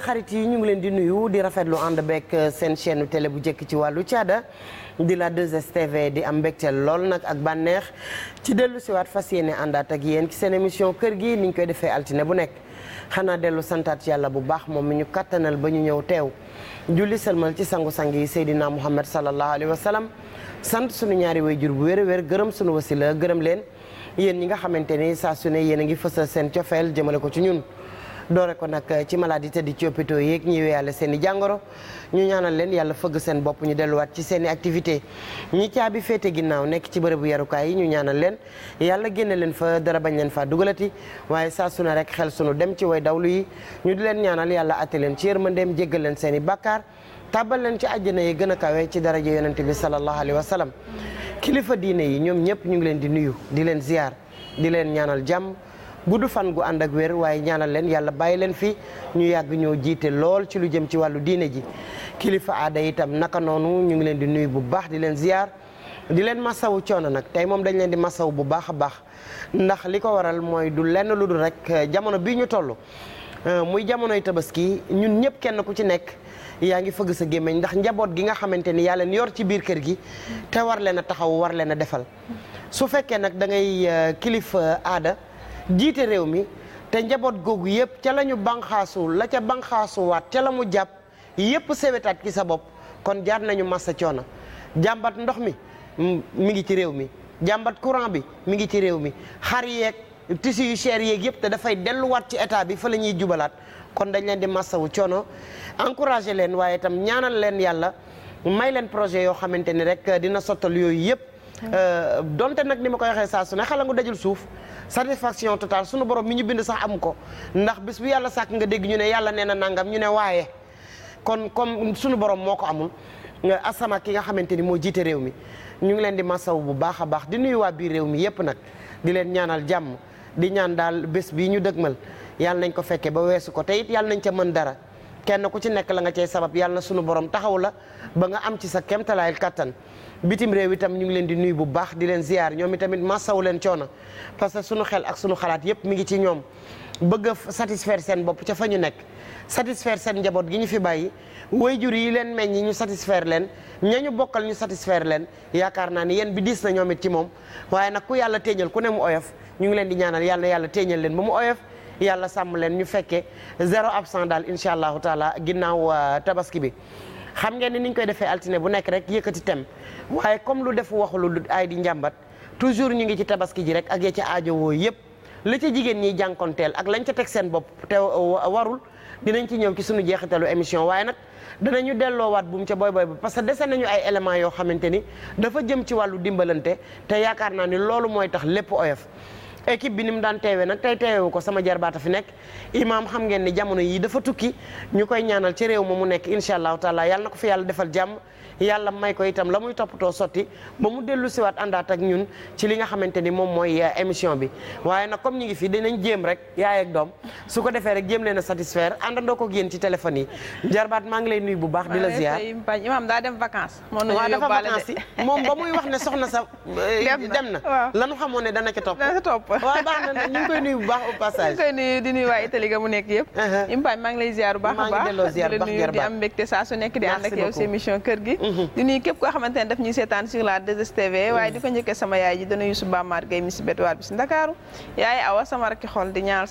xarit yi ñu ngi leen di nuyu di rafetlu ànd beeg euh, seen chaîne télé bu njëkk ci wàllu caada di la 2STV di am mbégte lool nag ak bànneex ci dellu siwaat fas yéene àndaat ak yéen ci seen émission kër gi ni ñu koy defee altine bu nekk xanaa dellu santaat yàlla bu baax moom mi ñu kattanal ba ñu ñëw teew julli sëlmal ci sangu-sang yi Seydina Muhammad sallallahu alayhi wa sallam sant sunu ñaari wayjur bu wér wér gërëm sunu wasila gërëm leen yéen ñi nga xamante ni saa su ne yéen a ngi fësal seen cofeel jëmale ko ci ñun doore ko nag eh, ci maladie di ci hôpitaux yeeg ñi weyale seen i jàngoro ñu ñaanal leen yàlla fëgg seen bopp ñu delluwaat ci seen i activité ñi caabi féete ginnaaw nekk ci bërëbu yarukaay yi ñu ñaanal leen yàlla génne leen fa dara bañ leen faa dugalati waaye sa su ne rek xel sunu dem ci way dawlu yi ñu di leen ñaanal yàlla atte leen ci yërmandeem jéggal leen seen i bàkkaar tàbbal leen ci àjjana yi gën a kawe ci daraja yonente bi sallallahu alayhi wa sallam kilifa diine yi ñoom ñëpp ñu ngi leen di nuyu di leen di gudd fan gu ànd ak wér waaye ñaanal leen yàlla bàyyi leen fi ñu yàgg ñoo jiite lool ci lu jëm ci wàllu diine ji kilifa aada itam naka noonu ñu ngi leen di nuyu bu baax di leen ziyaar di leen masawu coono nag tey moom dañ leen di masawu bu baax a baax ndax li ko waral mooy du lenn lu dul rek euh, jamono bii ñu toll euh, muy jamonoy tabaski ñun ñëpp kenn ku ci nekk yaa ngi fëgg sa gémmiñ ndax njaboot gi nga xamante ni yaa leen yor ci biir kër gi te war leen a taxaw war leen a defal euh, aada jiite réew mi te njaboot googu yëpp ca lañu ñu banxaasu la ca banxaasuwaat ca la mu jàpp yëpp sewetaat ci sa bopp kon jaar nañu massa coono jàmbat ndox mi mu ngi ci réew mi jàmbat courant bi mi ngi ci réew mi xar yeeg tissu yu cher yeeg yëpp te dafay delluwaat ci état bi fa la ñuy jubalaat kon dañ leen di wu coono encouragé leen waaye itam ñaanal leen yàlla may leen projet yoo xamante ni rek dina sottal yooyu yëpp Euh, donte nag ni ma koy waxee saa su ne xala nga dajul suuf satisfaction totale sunu borom mi ñu bind sax am ko ndax bés bi yàlla sàkk nga dégg ñu ne yàlla nee na nangam ñu ne waaye kon comme sunu borom moo ko amul asama ki nga xamante ni moo jiite réew mi ñu ngi leen di masaw bu baax a baax di nuyu bii réew mi yépp nag di leen ñaanal jàmm di ñaan daal bés bii ñu dëgmal yàlla nañ ko fekkee ba weesu ko tey it yàlla nañ ca mën dara kenn ku ci nekk la nga cay sabab yàlla na borom taxaw la ba nga am ci sa kemtalaayil kàttan bitim réew itam ñu ngi leen di nuyu bu baax di leen ziyaar ñoom itamit masawu leen coona parce que sunu xel ak sunu xalaat yépp mi ngi ci ñoom bëgg a satisfaire seen bopp ca fa ñu nekk satisfaire seen njaboot gi ñu fi bàyyi jur yi leen meññi ñu satisfaire leen ña ñu bokkal ñu satisfaire leen yaakaar naa ni yéen bi diis na ñoom ci moom waaye nag ku yàlla téeñal ku ne mu oyof ñu ngi leen di ñaanal yàlla na yàlla leen ba mu oyof yàlla sàmm leen ñu fekkee zéro absent daal incha allahu taala ginnaaw euh, tabaski bi xam ngeen ni niñ koy defee altine bu nekk rek yëkkati tem waaye comme lu defu waxu lu ay di njàmbat toujours ñu ngi ci tabaski ji rek ak ya ca aajowoo yëpp la ca jigéen ñi jànkonteel ak lañ ca teg seen bopp te warul dinañ ci ñëw ci suñu jeexitalu émission waaye nag danañu delloowaat buum ca booy booy ba parce que dese nañu ay éléments yoo xamante ni dafa jëm ci wàllu dimbalante te yaakaar naa ni loolu mooy tax lépp oyof équipe bi ni mu daan teewee nag tey teewewu ko sama jarbaata fi nekk imaam xam ngeen ni jamono yii dafa tukki ñu koy ñaanal ci réew ma mu nekk incha allahu taala yàlla na ko fi yàlla defal jàmm yàlla may ko itam la muy toppatoo sotti ba mu dellu siwaat àndaat ak ñun ci li nga xamante ni moom mooy euh, émission bi waaye na comme ñu ngi fii dinañ jéem rek yaay doom su ko defee rek jéem leen a satisfaire àndandoo ko génn ci téléphone yi jarbaat maa ngi lay nuyu bu baax di la ziar imaam daa dem vacance waaw dafa vacance yi moom ba muy sa euh, dem na lanu xamoon ne dana ca dana ca topp waaw baax na ñu ngi koy nuyu bu baax nekk yëpp impañ uh-huh. maa ngi lay ziar baax a di am mbégte saa su nekk di ànd ak si émission kër gi di nuyu képp koo xamante ne daf ñuy seetaan sur la 2STV waaye di ko njëkkee sama yaay ji dana yusu bammaar gay mi si betwaar bi si ndakaaru yaay awa sama rakki xol di a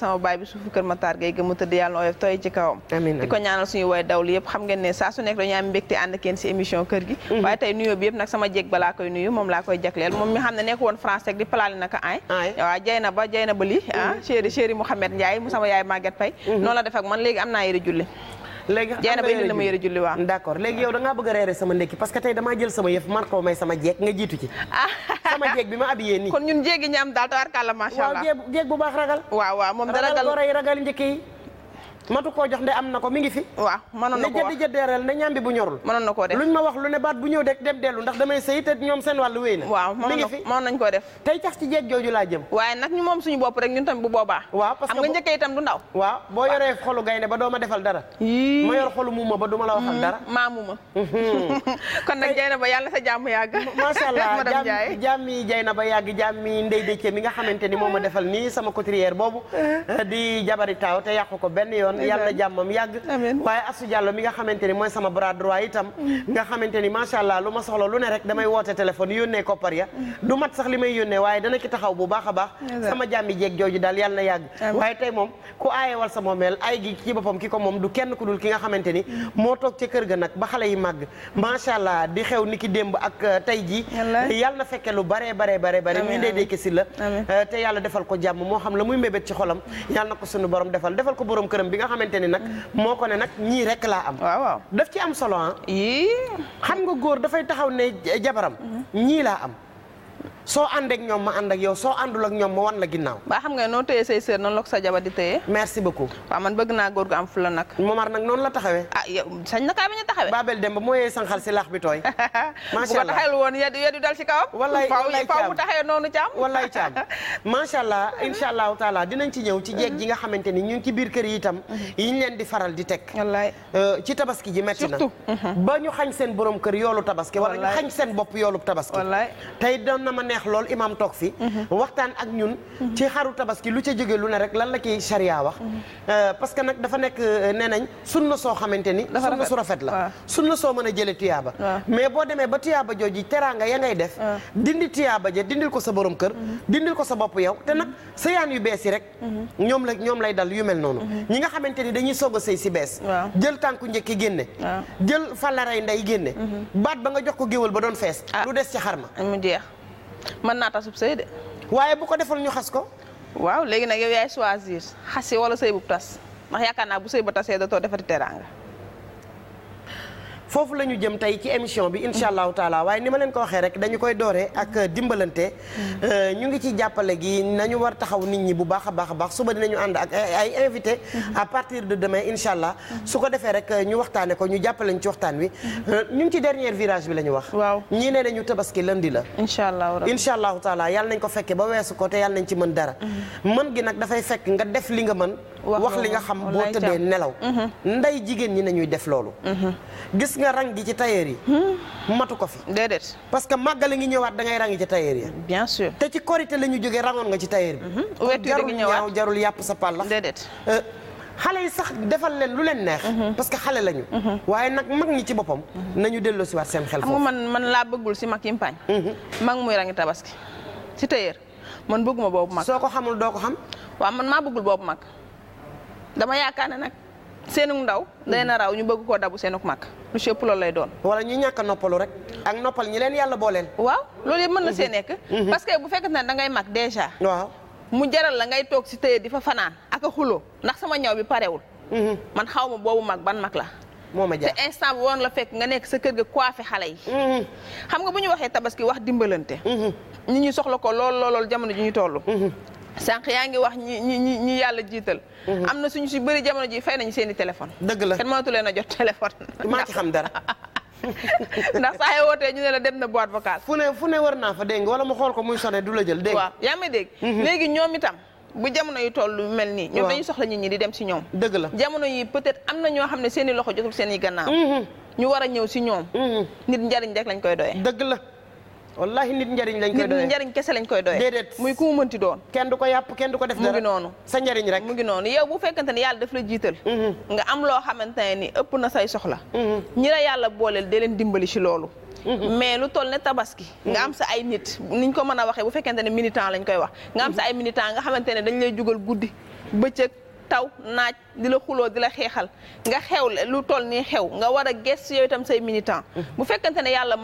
tëdd yàlla na oyof tooy ci kawam di ko ñaanal suñu woy dawlu yëpp xam ngeen ne saa su nekk dañu am mbégte ànd ak yéen si émission kër mhm. yëpp nag sama jéeg balaa koy moom laa koy jagleel moom mi xam ne nekk woon France rek di palaali naka ay waaw jay na ba jay na ba li ah mhm. chéri chéri Mouhamed Ndiaye mu sama yaay Maguette Pay mhm. noonu la def ak man léegi am naa yëri julli léegi jeena ba indi la ma yëre julli waaw d'accord léegi yow da ngaa bëgg a reere sama ndekki parce que tey damaa jël sama yëf marko may sama jeeg nga jiitu ci sama jeeg bi ma habillé nii kon ñun jéegi ñaam daal tawarkàlla macha allah waaw bu baax ragal waaw waaw moom da ragal ragal njëkk yi matu koo jox nde am na ko mi ngi fi waaw mënoon na ko wax ne jëddi jëddeereel ne ñambi bu ñorul mënoon na koo def luñ ma wax lu ne baat bu ñëw de dem dellu ndax damay sëy te ñoom seen wàllu wéy na waaw mi ngi fi mënoon nañ def tey cax ci jeeg jooju laa jëm waaye nag ñu moom suñu bopp rek ñun bu boobaa waaw parce que am nga njëkkee itam du ndaw waaw boo yoree xolu gaynde ba doo ma defal dara ma yor xolu muuma ba du ma la waxal mm-hmm. dara maa muuma mm-hmm. kon nag jay na ba yàlla sa jàmm yàgg macha allah jàmm na ba yàgg jàmm yi ndey dëcce mi nga xamante ni moo ma defal nii sama couturière boobu eh. di jabari taaw te yàqu ko benn yoon yàlla na jàmmam yàgg waaye Astou Diallo mi nga xamante ni mooy sama bras droit itam mm. nga xamante ni macha allah lu ma soxla lu ne rek damay woote téléphone yónnee koppar ya mm. du mat sax li may yónnee waaye dana ki taxaw bu baax a baax sama jàmmi jeeg jooju daal yàlla na yàgg waaye tey moom ku aaye wal sa moomeel ay gi ci boppam ki ko moom du kenn ku dul ki nga xamante ni mm. moo toog ca kër ga nag ba xale yi màgg macha allah di xew ni ki démb ak euh, tey ji yàlla na fekke lu bare bare bare bare ñu si la euh, te yàlla defal ko jàmm moo xam la muy mbébét ci xolam yàlla ko sunu borom defal defal ko borom këram bi xamante ni nag moo ko ne nag ñii rek laa am waaw waaw ci am solo ah xam nga góor dafay taxaw ne jabaram mm-hmm. ñii laa am soo ànd ak ñoom ma ànd ak yow soo àndul ak ñoom ma wan la ginnaaw baa xam nga noo téye say sœur noonu la sa jabar di téye merci beaucoup waaw man bëgg naa góor gu am fula nag Momar nag noonu la taxawee ah yow sañ na kaa bañ a taxawee Babel Demba moo yee sanxal si laax bi tooy macha allah bu ko taxawee woon yeddu yeddu dal si kawam wallaay faw mu taxawee noonu caam wallaay allah insha allahu taala dinañ ci ñëw ci jeeg mhm. ji nga xamante ni ñu ngi ci biir kër yi itam mhm. yi ñu leen di faral di teg wallaay euh, ci tabaski ji metti na mhm. ba ñu xañ seen borom kër yoolu tabaski wala ñu xañ seen bopp yoolu tabaski tey neex lool imam toog fi mhm. waxtaan ak ñun mhm. ci xaru tabaski lu ca jóge lu ne rek lan la ki charia wax mhm. euh, parce que nag dafa nekk euh, nee nañ sunna soo xamante ni sunna su rafet la sunna soo mën a jële tuyaaba mais boo demee ba tuyaaba jooji teraanga ya ngay def dindi tuyaaba ja dindil ko sa borom kër dindil ko sa bopp yow te nag sa yaan yu bees yi rek ñoom la ñoom lay dal yu mel noonu ñi nga xamante ni dañuy soog a sëy si bees jël tànku njëkk génne jël fallaray ndey génne baat ba nga jox ko géwël ba doon fees ah. lu des ci xar ma mën naa tasub sëy de. waaye bu ko deful ñu xas ko. waaw léegi nag yow yaay choisir xasi wala sëy bu tas ndax yaakaar naa bu sëy ba tasee da too defati teraanga. foofu la ñu jëm tey ci émission bi incha allahu taala waaye ni ma leen ko waxee rek dañu koy dooree ak dimbalante. Mm-hmm. Euh, ñu ngi ci jàppale gi nañu war taxaw nit ñi bu baax a baax a baax suba dinañu ànd ak ay invité mm-hmm. à partir de demain incha allah. Mm-hmm. su ko defee rek ñu waxtaane ko ñu jàppaleñ ci waxtaan wi. Euh, ñu ngi ci dernier virage bi la ñu wax. waaw ñii ne dañu tabaski lundi la. incha allahu rabi incha allahu taala nañ ko fekkee ba weesu ko te yàlla nañ ci mën dara. mën gi nag dafay fekk nga def li nga mën. wax li nga xam boo tëddee nelaw mhm. nday jigéen ñi nañuy def loolu mhm. gis nga rang gi ci tailleur yi hmm. matu ko fi déedéet parce que màggal ngi ñëwaat da ngay rangi ci tailleur yi bien sûr te ci korite la ñu jógee rangoon nga ci tailleur bi mhm. jarul ñaaw jarul yàpp sa pàlla déedéet euh, xale yi sax defal leen lu leen neex parce que xale lañu waaye nag mag ñi ci boppam nañu delloo si waat seen xel foofu man man laa bëggul si mag yimpaañ mag muy rangi tabaski si tailleur man bëgguma boobu mag soo ko xamul doo ko xam waaw man maa bëggul boobu mag dama yaakaar na nag seenug ndaw day na raw ñu bëgg koo dabu seenug mag lu ci ëpp loolu lay doon wala ñu ñàkk a noppalu rek ak noppal ñi leen yàlla booleel waaw loolu yëpp mën na see mhm. nekk mhm. parce que bu fekkee ne da ngay mag déjà waaw mu jaral la ngay toog si tëye di fa fanaan ak a xuloo ndax sama ñaw bi parewul mhm. man xaw ma boobu mag ban mag la moo ma jaar te instant bu woon la fekk nga nekk sa kër ga coiffé xale yi xam nga bu ñu waxee tabaski wax dimbalante ñu ñi soxla ko lool lool lool jamono ji ñu toll sànq yaa ngi wax ñi ñi ñi yàlla jiital. Mhm. am na suñu si bëri jamono ji fay nañu seen i téléphone. dëgg la kenn mënatu leen a jot téléphone. maa ci xam dara. ndax saa yoo wootee ñu ne la dem na boîte vocale. fu ne fu ne war naa fa dégg nga mu xool ko muy sonné du la jël dégg waaw yaa may mhm. ñoom itam bu jamono yi toll mel nii. ñoom dañu soxla nit ñi di dem si ñoom. dëgg la jamono yi peut-être am na ñoo xam ne seen i loxo jotul seen i mhm. ñu war a ñëw si ñoom. nit njariñ rek lañ koy doyee. dëgg la. wallahi nit njariñ lañ koy doyee njariñ kese lañ koy doyee déedéet muy ku mu mënti doon kenn du ko yàpp kenn du ko def dara mu noonu sa njariñ rek mu ngi noonu yow bu fekkante ne yàlla daf la jiital mhm. nga am loo xamante ne ni ëpp na say soxla mhm. ñi la yàlla booleel de leen dimbali ci loolu mhm. mais lu toll ne tabaski nga am sa ay nit niñ ko mën a waxee bu fekkente ne militant lañ koy wax nga am sa ay militant nga xamante ne dañ lay jugal guddi bëccëg taw naaj di la xuloo di la xeexal nga xew lu toll nii xew nga war a gëstu yow itam say militant mhm. bu fekkante ne yàlla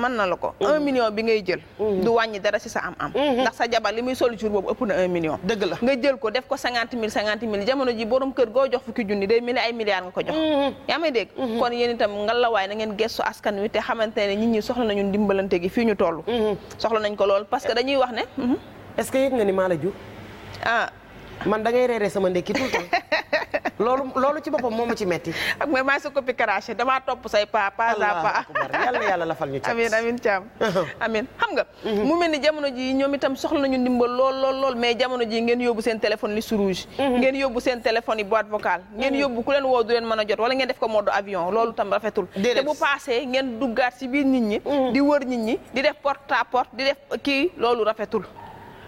man na la ko un mhm. million bi ngay jël mhm. du wàññi dara si sa am-am ndax sa jabar li muy sol jur boobu ëpp na un million dëgg la nga jël ko def ko cinquante mille cinquante mille jamono ji borom kër goo jox fukki junni day mel ni ay milliards nga ko jox yaa may dégg kon yéen itam ngalawaay na ngeen gëstu askan wi te xamante ne nit ñi soxla nañu dimbalante gi fii ñu toll soxla nañ ko lool parce que eh. dañuy wax ne est-ce que yëg ni maa ah, la man da ngay reere sama ndekki tout le temps loolu loolu ci boppam moom ma ci metti ak mooy maa sa copie craché damaa topp say pas pas à pas yàlla yàlla lafal ñu ci amin amin caam amin xam nga mhm. mu mel ni jamono ji ñoom itam soxla nañu ndimbal lool lool lool mais jamono ji ngeen yóbbu seen téléphone liste rouge mhm. ngeen yóbbu seen téléphone yi boîte vocale mhm. ngeen yóbbu ku leen woo du leen mën a jot wala ngeen def ko mode avion loolu tam rafetul te bu passé ngeen duggaat ci biir nit ñi di wër nit ñi di def porte à di def kii loolu rafetul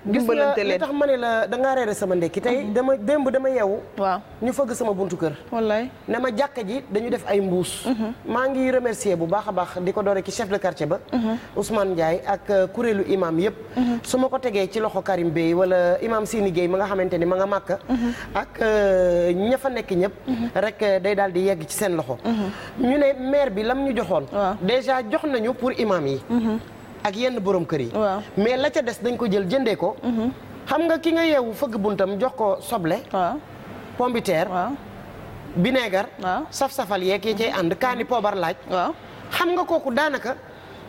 dimbalante leen gis nga li tax ma ne la da reere sama ndekki tey mm-hmm. dama démb dama yeewu. waaw ñu fëgg sama buntu kër. wallaay ne ma jàkka ji dañu def ay mbuus. Mm-hmm. maa ngi remercier bu baax a baax di ko doore ci chef de quartier ba. Mm-hmm. Ousmane Ndiaye ak euh, kuréelu imam yëpp. su ma ko tegee ci loxo Karim Bey wala imam Sini Gueye ma nga xamante ni ma nga màkk. ak euh, ña fa nekk ñëpp. rek euh, day daal di yegg ci seen loxo. ñu ne maire bi lam ñu joxoon. déjà jox nañu pour imam yi. ak yenn borom kër yi. mais la ca des dañ ko jël jëndee ko. Mhm. xam nga ki nga yeewu fëgg buntam jox ko soble. waaw pombiteer. waaw bineegar. saf-safal yeeg yi cay mhm. ànd kaani poobar laaj. waaw xam nga kooku daanaka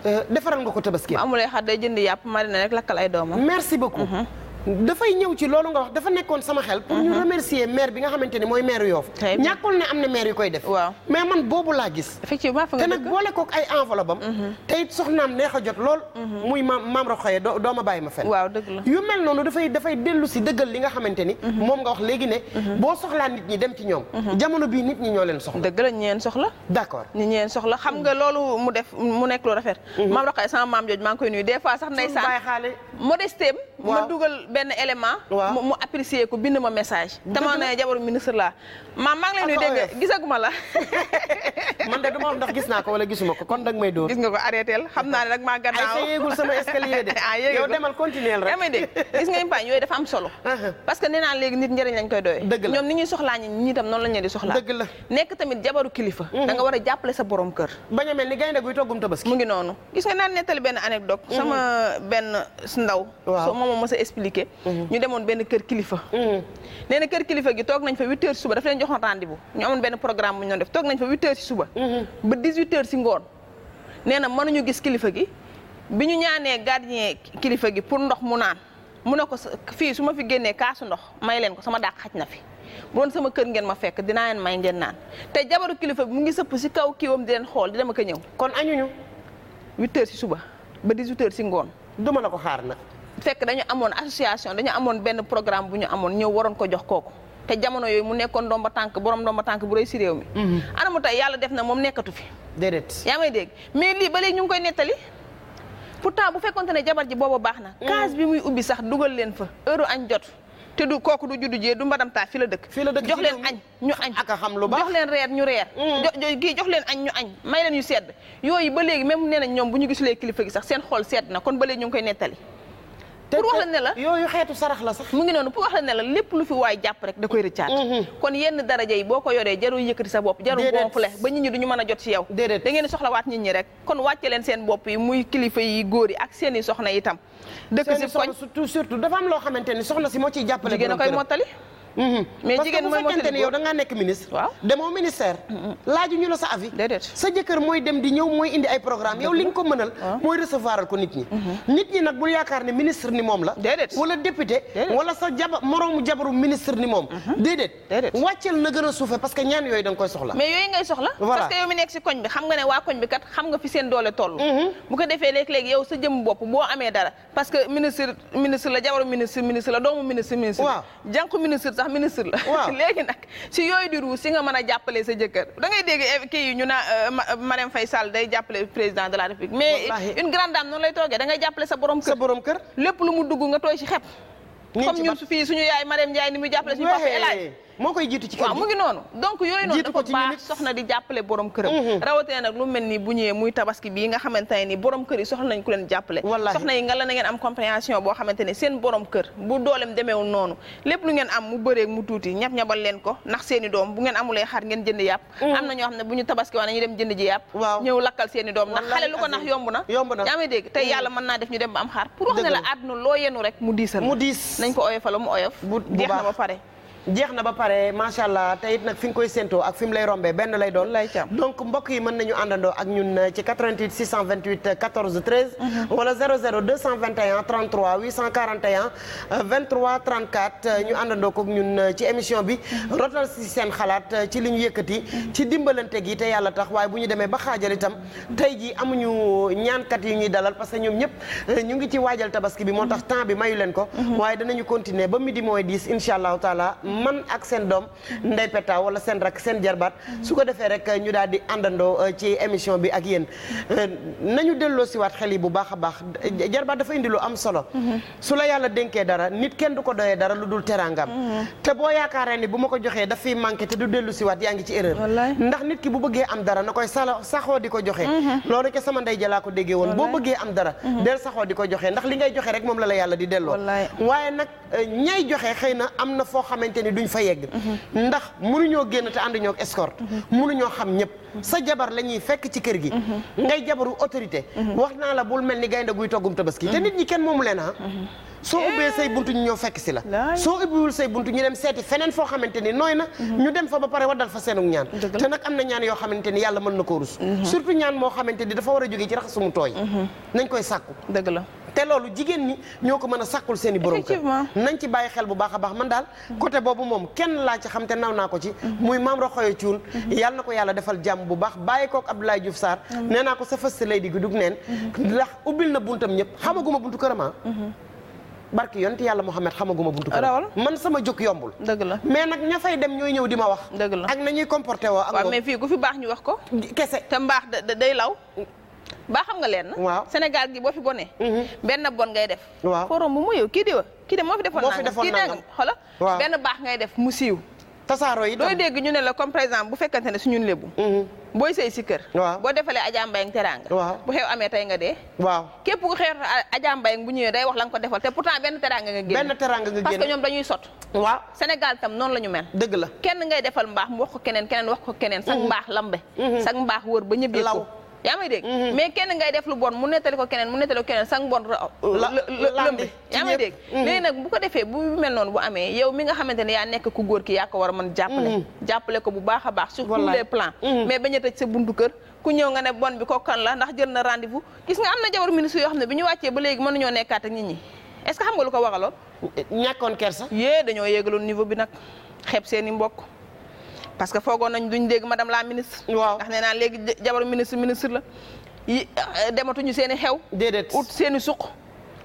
euh, defaral nga ko tabaski. amulay xar day jënd yàpp marina rek lakkal ay doomam. merci beaucoup. Mhm. dafay ñëw ci loolu nga wax dafa nekkoon sama xel. pour ñu mhm. remercier maire bi nga xamante mooy maire Yoff. ñàkkul ne am na maire yu koy def. waaw mais man boobu laa gis. effectivement fa nga dëkk te nag boole kook mhm. a jot lool. Mhm. muy maam maam ma bàyyi ma fen la yu mel noonu dafay dafay dellu si dëggal li nga xamante ni. moom nga wax léegi ne. boo soxlaa nit ñi dem ci ñoom. jamono bii nit ñi ñoo leen soxla. dëgg la ñi leen soxla. d' accord ñi leen soxla xam nga loolu mu def mu nekk lu rafet. maam Roxaye sama maam jooju maa ngi koy nuyu des fois sax ndeysaan modestem ma benn élément. mu apprécié ko bind ma message. dëgg la jabaru ministre la maam maa ngi lay dégg gisaguma la. man de du ma am ndax gis naa ko wala gisuma ko kon dag may dóor. gis nga ko arrêté xam naa ne nag maa gannaaw ay yéegul sama escalier de. ah yow demal continuer rek. damay dégg gis nga impaañ yooyu dafa am solo. Uh-huh. parce que nee naa léegi nit njëriñ lañ koy doyee. ni ñuy soxlaa ñi ñi itam noonu lañ leen di soxlaa. dëgg la nekk tamit jabaru kilifa. Mm-hmm. da nga war a jàppale sa borom kër. bañ a mel ni gaynde guy toggum tabaski. mu ngi noonu gis nga naan nettali benn anecdote. Mm-hmm. sama benn ndaw. Mm-hmm. kilifa. nee na gi toog nañ joxoon rendez-vous ñu amoon benn programme bu ñu doon def toog nañ fa huit heures ci suba. Mhm. ba dix huit heures ci ngoon. nee gis kilifa gi bi ñu ñaanee gardien kilifa gi pour ndox mu naan mu ne ko fii su ma fi génnee kaasu ndox may leen ko sama dàq xaj na fi. bu sama kër ngeen ma fekk dinaa leen may ngeen naan te jabaru kilifa mu ngi sëpp ci kaw kiiwam di leen xool di dama ko ñëw. kon añuñu. huit heures suba ba dix huit ngoon. du mën ko xaar na fekk dañu amoon association dañu amoon benn programme bu ñu amoon ñëw waroon ko jox kooku. te jamono yooyu mu nekkoon ndomba tànk borom ndomba tànk bu rëy si réew mi mm-hmm. anamu tey yàlla def na moom nekkatu fi déedéet yaa may dégg mais lii ba léegi ñu ngi koy nettali pourtant bu fekkonte ne jabar ji booba baax na mm-hmm. case bi muy ubbi sax dugal leen fa heure añ jot te du kooku du juddu jee du mbadam taa fi la dëkk fi la dëkk jox leen añ ñu añ ak xam lu baax leen reer ñu reer mm-hmm. kii jox leen añ ñu añ may yu sedd yooyu ba léegi même nee nañ ñoom bu ñu gisulee kilifa gi sax seen xool sedd na kon ba léegi ñu ngi koy nettali pour wax la ne la yooyu xeetu sarax la sax mu ngi noonu pour wax la ne la lépp lu fi waay jàpp rek da koy rëccaat mm-hmm. kon yenn daraja yi boo ko yoree jarul yëkkati sa bopp jarul gonfle ba nit ñi duñu mën a jot ci yow da ngeen soxlawaat nit ñi rek kon wàcce leen seen bopp yi muy kilifa yi góor yi ak seen i soxna itam dëkk si koñ surtout dafa am loo xamante ni soxla si moo ciy jàppale jigéen a koy mottali Mm-hmm. mais jigéen mooy parce que bu fekkente ne yow da ngaa nekk ministre. waaw demoo mooy dem di ñëw mooy indi ay programme yow li nga ko mënal. mooy recevoiral ko nit ñi. Mm-hmm. yaakaar ne ministre ni moom la. déedéet wala député. wala sa jaba moroomu jabaru ministre ni moom. Mm-hmm. déedéet wàcceel na gën a suufe parce que ñaan yooyu da koy soxla. mais yooyu ngay soxla. parce que yow mi nekk si koñ bi xam nga ne waa koñ bi kat xam nga fi seen doole toll. bu ko defee léeg-léeg yow sa jëm bopp boo amee dara parce que ministre ministre la jabaru ministre ministre la doomu ministre ministre. waaw jànku ministre sax ministre la. waaw léegi nag si yooyu di ruus si nga mën a jàppale sa jëkkër da dégg eh, kii yi ñu naan eh, eh, Marème Faye Sall day jàppale président de la République. mais une grande dame noonu lay toogee da ngay jàppale sa borom kër sa borom kër. lépp lu mu dugg nga tooy si xep. comme ñun fii suñu yaay Marème Ndiaye ni muy jàppale suñu papa El moo koy jiitu ci kër gi waaw mu ngi noonu donc yooyu noonu dafa baax soxna di jàppale borom këram mm-hmm. rawatee nag lu mel ni bu ñëwee muy tabaski bii nga xamante ne ni borom kër yi soxla nañ ko leen jàppale soxna yi nga la na ngeen am compréhension boo xamante ne seen borom kër bu doolem demeewul noonu lépp lu ngeen am mu bëreeg mu tuuti ñap ñabal leen ko ndax seeni doom bu ngeen amulee xar ngeen jënd yàpp mm-hmm. am na ñoo xam ne bu ñu tabaski waa nañu dem jënd ji yàpp ñëw lakkal seeni doom ndax xale lu ko nax yomb na yomb na yaa may dégg tey mm-hmm. yàlla mën naa def ñu dem ba am xaar pour wax ne la àdduna loo yenu rek mu diisal mu diis nañ ko oyofa la mu oyof bu jeex na ba pare jeex na ba pare macha allah te it nag fi nga koy séentoo ak fi mu lay rombee benn lay doon. lay cam donc mbokk yi mën nañu àndandoo ak ñun euh, ci 88 628 14 13. wala 00 221 33 841 23 34 ñu àndandoo ko ñun euh, ci émission bi. Mhm. rotal si seen xalaat euh, ci li ñu yëkkati. Mhm. ci dimbalante gi te yàlla tax waaye bu ñu demee ba xaajal itam. tey jii amuñu ñaankat yu ñuy dalal parce que ñoom ñëpp ñu ngi ci waajal tabaski bi moo tax mhm. temps bi mayu leen ko. waaye danañu continuer ba midi mooy 10 incha allahu man ak seen doom Ndeye Pétaw wala seen rak seen jarbaat su ko defee rek ñu daal di àndandoo euh, ci émission bi ak yéen euh, nañu delloo siwaat xel yi bu baax a baax jarbaat dafa indi lu am solo mm-hmm. su la yàlla dénkee dara nit kenn du ko doyee dara lu dul teraangam mm-hmm. te boo yaakaaree ni bu ma ko joxee daf fiy manqué te du dellu siwaat yaa ngi ci erreur ndax nit ki bu bëggee am dara na koy sala saxoo di ko joxe mm-hmm. loolu ca sama ndey laa ko déggee woon boo bëggee am dara di ko joxe ndax li ngay joxe rek moom la la yàlla di delloo xamante ni duñ fa yegg ndax mënuñoo génn te ànduñoo ak escorte mënuñoo xam ñëpp sa jabar la fekk ci kër gi ngay jabaru autorité wax naa la bul mel ni gaynde guy toggum tabaski te nit ñi kenn moomu leen ah. soo ubbee say buntu ñu la soo ubbiwul say buntu ñu dem seeti feneen foo xamante ni nooy na ñu dem fa ba pare waddal fa seenug ñaan te nag am na ñaan yoo xamante ni yàlla mën na ko rus mhm. surtout ñaan moo xamante ni dafa war a jógee ci raxasumu tooy mhm. nañ koy sàkku te loolu jigéen ñi ñoo ko mën a sàkkul seeni i borom kër nañ ci bàyyi xel bu baax a baax man daal côté boobu moom kenn laa ci xam te naw naa ko ci muy maam roxoyo cuun yàlla na ko yàlla defal jàmm bu baax bàyyi kook Abdoulaye Diouf Sarr nee naa ko sa fëst lay diggu dug neen ndax ubbil na buntam ñëpp xamaguma buntu këramaa ah. barki yonent yàlla Muhammad xamaguma buntu kër man sama jóg yombul dëgg la mais nag ña fay dem ñooy ñëw di ma wax dëgg la ak nañuy comporté woo ak mais fii ku fi baax ñu wax ko kese te mbaax day law baa xam nga leen na waaw Sénégal gi boo fi bonee mhm. benn bon ngay def waaw forom bu mu yow kii di wa kii de moo fi defoon nangam kii nangam xola benn baax ngay def mu siiw tasaaro yi dooy dégg ñu ne la comme bu fekkante ne suñu lébu mhm. booy sëy si kër waaw boo defalee Adja Mbayang teraanga waaw bu amee tey nga dee waaw képp ku xew Adja Mbayang bu ñëwee day wax la nga ko defal te pourtant benn teraanga nga génn benn teraanga nga génn parce que ñoom dañuy sot Sénégal tam noon la ñu mel dëgg la kenn ngay defal mbaax mu wax ko keneen keneen wax ko keneen sax mhm. mbaax lambe sax mbaax wër ba ñëbbee ko yaa may dégg mhm. mais kenn ngay def lu bon mu nettali ko keneen mu nettali ko keneen sang bon lëmbi yaa may dégg mhm. léegi nag bu ko defee bu mel noonu bu amee yow mi nga xamante ne yaa nekk ku góor ki yaa ko war a mën jàppale mhm. jàppale ko bu baax a baax sur tous les mais ba a tëj sa buntu kër ku ñëw nga ne bon bi ko kan la ndax jël na rendez-vous gis nga am na jabar ministre yoo xam ne bi ñu wàccee ba léegi mënuñoo nekkaat ak nit ñi est-ce que xam nga lu ñàkkoon kersa dañoo yéegaloon niveau bi nag xeeb seeni mbokk parce que foogoon nañ ñu dégg madame la ministre. waaw ndax nee naa léegi jabaru ministre ministre la yi euh, dematuñu seen i xew. déedét ut seen i suq.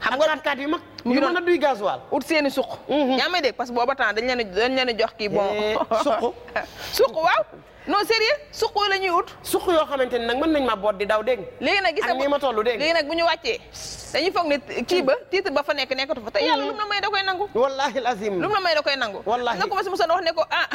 xam nga alkaat yu mag yu mën a duy gasoil ut seen i suq. Mhm. yaa may parce que booba temps dañ leen dañ leen jox kii bon. Eh, suq suq waaw. non sérieux suq la ñuy ut suq yoo xamante ne nag mën nañ ma boot di daw dégg léegi nag gis ak ma toll dégg léegi nag bu ñu wàccee dañuy foog ne kii ba titre ba fa nekk nekkatu fa te yàlla mm. lu mu la may da koy nangu wallahi alazim lu mu la may da koy nangu wallahi nga commencé musoon wax ne ko ah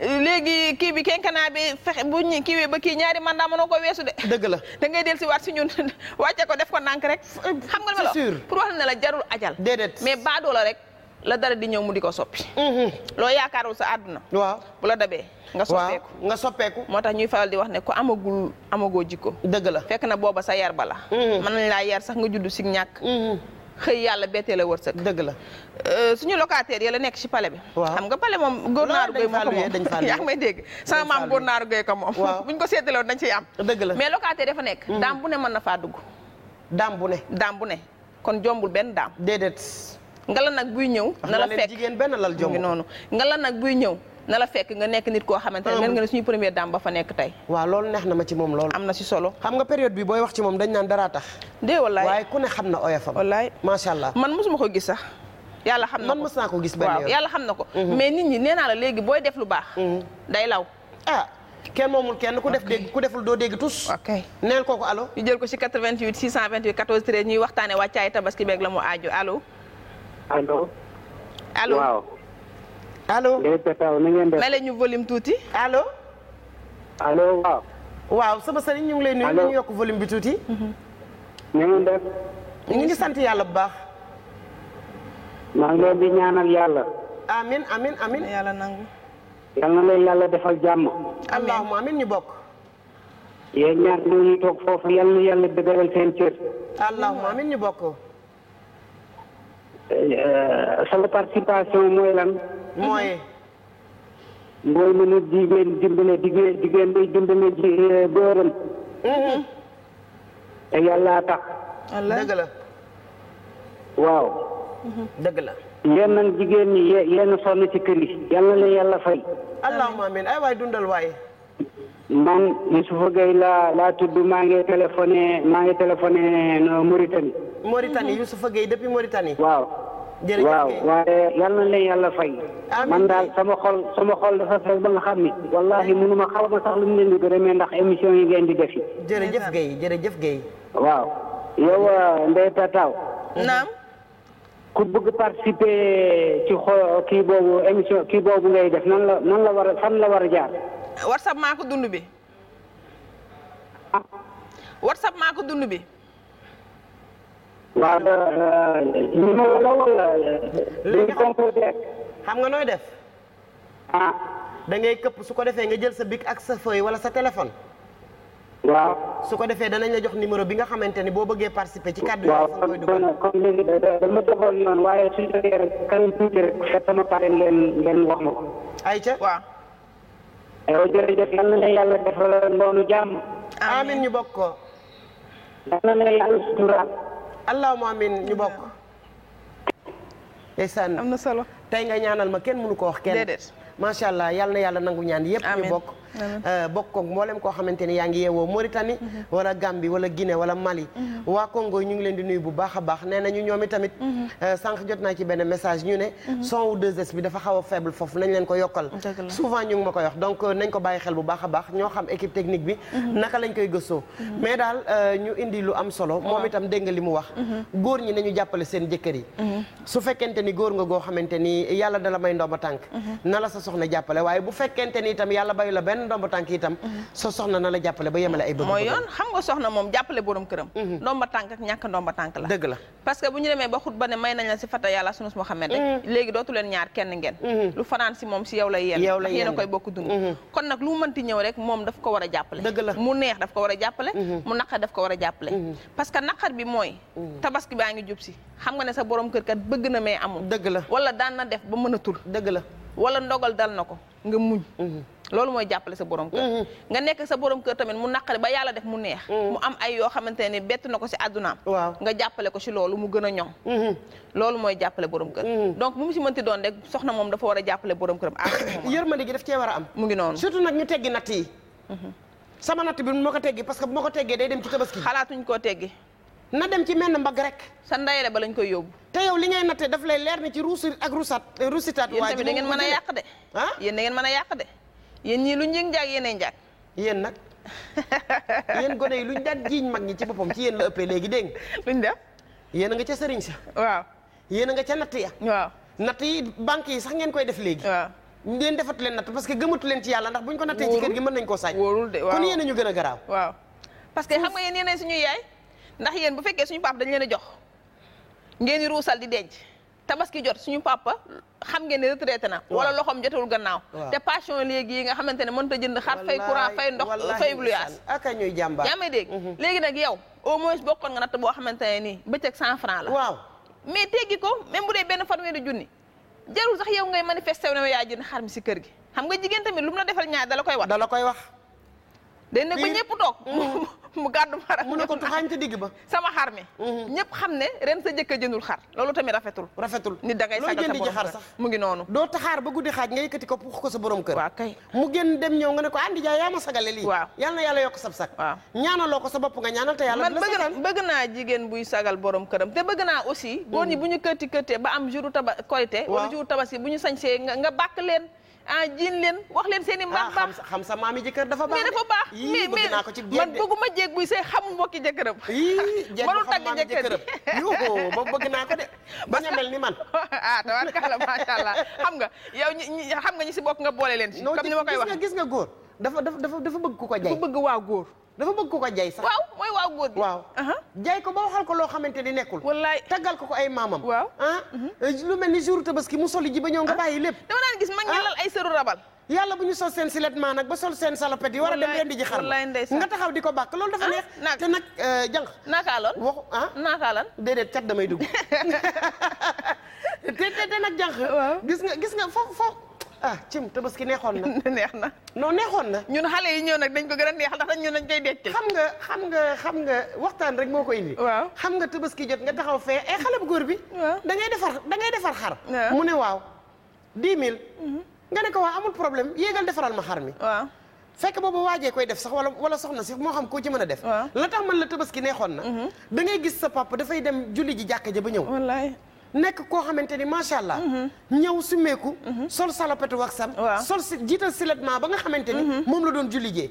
léegi kii bi naa bi fexe bu ñu kii ba kii ñaari mandat mënoo ko weesu de dëgg la da ngay del si waat si ñun wàcce ko def ko nànk rek xam nga ma la pour wax ne la jarul ajal déedéet mais baadoo rek la dara di ñëw mu di ko soppi. Mhm. loo yaakaarul sa àdduna. waaw bu la dabee. nga soppeeku nga soppeeku. moo tax ñuy faral di wax ne ko amagul amagoo jikko. dëgg la fekk na booba sa yar bala. Mhm. mën nañ laa yar sax nga juddu si ñàkk. Mhm. xëy yàlla betee la wërsëg. dëgg la euh, suñu locataire yi la nekk ci palais bi. xam nga palais moom góor naaru goy moo ko moom may dégg sama maam góor naaru goy ko moom. buñ ko seetaloon dañ ciy am. dëgg la mais locataire dafa nekk. daam bu ne mën na faa dugg. daam bu ne. daam bu ne kon jombul benn daam. déedéet ngala nag buy ñëw. na la fekk jigéen benn lal jom noonu ngala nag buy ñëw. na la fekk nga nekk nit koo xamante ne nga ne suñu première dame ba fa nekk tey waaw loolu neex na ma ci moom loolu am na si solo xam nga période bi booy wax ci moom dañ naan dara tax dee waaye ku ne xam na oyofam wallaay macha allah man mosuma ko gis sax yàlla xam na ko man ko gis benn yoon yàlla xam na ko mhm. mais nit ñi nee naa la léegi booy def lu baax mhm. day law ah kenn moomul kenn ku def dégg ku deful doo dégg tus ok neel kooku alo ñu jël ko si 88 628 14 13 ñuy waxtaane wàccaay tabaski mu aaju alo allo. allo waaw. allo Ndeye na ngeen ñu volume tuuti allo. allo waaw. waaw sama sëriñ ñu ngi lay ñu yokk volume bi tuuti. na ngeen def. ñu ngi sant yàlla bu baax. maa ngi leen di ñaanal yàlla. amin amin amin yàlla nangu. yal na leen yàlla defal jàmm. allahumma amin ñu bokk. yéen ñaar ñu toog foofu yal na yàlla dëgëral seen cër. allahumma amin ñu bokk. Eh, sama participation mooy lan. mooy. mooy mu nit jigéen dimbale jigéen jigéen day dimbale ji eh, góoram. Mm-hmm. Eh, te yàlla tax. waaw. Mm-hmm. dëgg la. yéen nag jigéen ñi yéen sonn ci kër yàlla na yàlla fay. allahumma amiin ay waay laa laa tudd maa ngi téléphoné maa ngi téléphoné Mauritanie. Mauritanie mhm. Youssoufa Gueye depuis Mauritanie. waaw. jërëjëf waaw waaye yal na yàlla fay. man daal sama xol sama xol dafa fees ba nga xam ni. wallaahi mënu ma xaw ma sax lu mu leen di gërëmee ndax émission yi ngeen di def yi. jërëjëf Gueye jërëjëf Gueye. waaw yow euh, Ndeye Tataw. naam. ku bëgg participer ci xo kii boobu émission kii boobu ngay def nan la nan la war a fan la war a jaar. WhatsApp maa ko dund bi. Ah. WhatsApp maa ko dund bi. waaw numéro euh, la wala. Euh, léegi xam nga nooy def. ah. da këpp su ko defee nga jël sa bic ak sa feuille wala sa téléphone. waaw. su ko defee danañ la jox numéro bi nga xamante ni boo bëggee participer ci kàddu yi. waaw kon comme léegi dama tëboon yoon waaye suñu jógee rek kanam wax ma ko. ayca waaw. yow jërëjëf ñu bokk ko. yal na ne yàlla suturaal. allahumma amin ñu bokk. ndeysaan am na solo tey nga ñaanal ma kenn mënu ko wax kenn. déedéet macha allah yal na yàlla nangu ñaan yépp ñu bokk. Euh, bokk koog mboolem koo xamante ni yaa ngi yeewoo Mauritanie mhm. wala Gambie wala Guinée wala Mali mhm. waa Congo ñu ngi leen di nuyu bu baax a baax nee nañu ñoom itamit mhm. euh, sànq jot naa ci benn message ñu ne son ou deux bi dafa xaw a foofu nañ leen ko yokkal souvent ñu ngi ma koy wax donc euh, nañ ko bàyyi xel bu baax a baax ñoo xam équipe technique bi naka lañ koy gëstoo mais daal ñu indi lu am solo moom itam dégg nga li mu wax góor ñi nañu jàppale seen jëkkër yi su fekkente ni góor nga goo xamante ni yàlla dala may na la sa soxna jàppale waaye benn ndomba tànk itam sa soxna na la jàppale ba yemale ay bëgg mooy yoon xam nga soxna moom jàppale borom këram mhm. ndomba tànk ak ñàkk ndomba la dëgg la ba xut mhm. léegi dootu ñaar kenn ngeen mhm. lu fanaan si moom si yow lay yeen a a mu neex daf ko war a jàppale mu naqar daf ko war a jàppale parce que naqar bi mooy tabaski baa ngi jub xam nga ne sa borom kër kat bëgg na mais amul dëgg la wala daan na def ba mënatul dëgg la wala ndogal dal na ko nga muñ loolu mooy jàppale sa borom kër mm-hmm. nga nekk sa borom kër tamit mu naqari ba yàlla def mu neex mm-hmm. mu am ay yoo xamante ne bett na ko si àddunaam waaw nga jàppale ko si loolu mu gën a ñoŋ mm-hmm. loolu mooy jàppale borom kër donc mu mu si mënti doon rek soxna moom dafa war a jàppale borom këram ah yërmande gi daf cee war a am mu ngi noonu surtout nag ñu teggi natt yi sama natt bi bu ma ko teggi parce que bu ma ko teggee day dem ci tabaski xalaatuñ koo teggi na dem ci menn mbagg rek li ngay natte daf lay leer ni ci ruusi ak ruusat ruusitaat waa ji yéen tamit da ngeen a yàq ah? mën a yàq de yéen ñii lu njëg njaag yéenay njaag yéen nag yéen gone yi luñ daan jiiñ mag ñi ci boppam ci yéen la ëppee léegi dégg luñ def yéen a nga ca sëriñ sa waaw yéen a nga ca natt ya waaw natt yi banque yi sax ngeen koy def léegi waaw ngeen defatu leen natt parce que gëmatu leen ci yàlla ndax buñ ko nattee ci kër gi mën nañ koo sañ wóorul de waaw kon yéen a ñu gën a garaaw waaw parce que xam nga yéen yéenay suñuy yaay ndax yéen bu fekkee suñu paap dañ leen a jox ngeen ruusal di denc tabaski jot suñu papa xam ngeen ne retraité na wala loxoom jotul gannaaw te passion léegi yi nga xamante ne mënut a jënd xar fay courant fay ndox fay luyaas ak ñuy jàmbaar yaa may mhm. léegi nag yow au moins bokkoon nga te boo xamante ne nii bëccëg cent franc la waaw mais teggi ko même bu dee benn fanweeri junni jarul sax yow ngay manifesté wu ne yaa jënd xar mi si kër gi xam nga jigéen tamit lu mu la defal ñaar dala koy wax dala koy wax dañ nag ba ñëpp toog mhm. mu gàddu xar mu ne ko tuxaañ ko digg ba sama xar mi mm-hmm. ñëpp xam ne ren sa jëkk a jëndul xar loolu tamit rafetul rafetul nit da ngay sagal sa xar sax mu ngi noonu doo taxaar ba guddi xaaj nga yëkkati ko puux ko sa borom kër waaw kay mu génn dem ñëw nga ne ko andi jaay yaa ma sagale lii waaw yal na yàlla yokk sab sag waaw ñaanaloo ko sa bopp nga ñaanal te yàlla man bëgg na bëgg naa jigéen buy sagal borom këram te bëgg naa aussi góor ñi mm. bu ñu këtti këttee ba am jouru taba koyte wala jouru tabaski bu ñu sañsee nga bàkk leen ah jiin leen wax leen seeni i ah, mbaax baax xam sa maam maami jëkkër dafa baax mais dafa baax mais mais man bëgguma jéeg buy say xamul mbokki jëkkëram mënul tagg jëkkër yo ba bëgg naa ko de bañ a mel ni man ah tabarkalla macha allah xam nga yow xam nga ñi si bokk nga boole leen si comme ni ma koy wax gis nga góor dafa dafa dafa bëgg ku ko jaay dafa bëgg waa góor dafa bëgg ko ko jay sax waaw mooy waaw góor gi waaw uh-huh. jay ko ba waxal ko loo xamante ni nekkul wallaay taggal ko ko ay maamam waaw ah? mm-hmm. lu mel ni jour ki mu soli ji ba ñëw nga ah. bàyyi lépp dama daan gis mag ñi ah. lal ay sëru rabal yàlla bu ñu sol seen silet nag ba sol seen salopette yi war a dem rendi ji xar nga taxaw di ko bàkk loolu dafa neex te nag euh, jànq naakaaloon waxu ah naakaaloon déedéet cat damay dugg te te te nag jànq gis nga gis nga foofu foofu ah cim tabaski neexoon na. neex na non neexoon na. ñun xale yi ñëw nag dañ ko gën a neex ndax dañ ñun dañ koy dekkil. xam nga xam nga xam nga waxtaan rek moo koy indi. waaw xam nga tabaski jot nga taxaw fee eh, xale bu góor bi. waaw da ngay defar dangay defar xar. mu ne waaw 10 000. Mhm. nga ne ko waaw amul problème yéegal defaral ma xar mi. waaw fekk boobu waajee koy def sax wala wala soxna si moo xam koo ci mën a def. la tax man la tabaski neexoon na. Mhm. da ngay gis sa papa dafay dem julli ji jàkka ja ba ñëw. wallaay. nekk koo xamante ni macha allah. ñëw sumeeku. sol salopetu waxam. waaw sol si jiital siletment ba nga xamante ni. Mhm. moom la doon julli jee.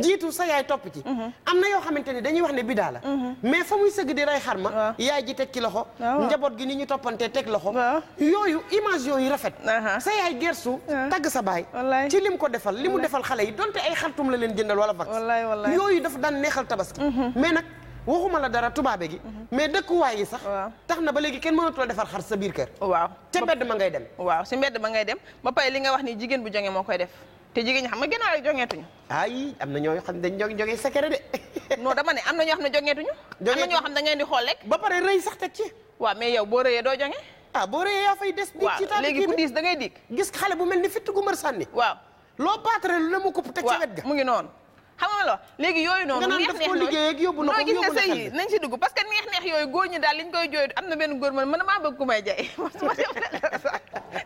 jiitu sa yaay topp ci. Mhm. am na yoo xamante ni dañuy wax ne bidaa la. Mhm. mais fa muy sëgg di rey xar ma. yaay ji teg ci loxo. njaboot gi ni ñu toppantee teg loxo. yooyu image yooyu rafet. sa yaay gersu tagg sa baay. ci lim ko defal li mu defal xale yi donte ay xartum la leen jëndal wala vax. yooyu dafa daan neexal tabaski. mais nag waxuma la dara tubaabe gi mhm. mais dëkkuwaay yi sax tax na ba léegi kenn mënatu la defar xar sa biir kër waaw te mbedd ma ngay dem waaw si mbedd ma ngay dem ba pare li nga wax ni jigéen bu jonge moo koy def te jigéen ñi xam nga gannaaw yi jongeetuñu na ñoo xam ne dañ jóge secret de non dama ne am na ñoo xam ne jongeetuñu am na ñoo xam ne da di xool rek ba pare rëy sax teg ci waaw mais yow boo rëyee doo jonge ah boo rëyee yaa fay des di ci taal léegi ku da ngay diig gis xale bu mel ni fitt gu mër sànni waaw loo baatare lu la mu ko teg ci wet ga mu ngi noonu xam nga loo léegi yooyu noonu neex neex yooyu gis nga yi dugg parce que neex neex yooyu góor ñi daal liñ koy jooy am na benn góor man man maa bëgg ku may jay ma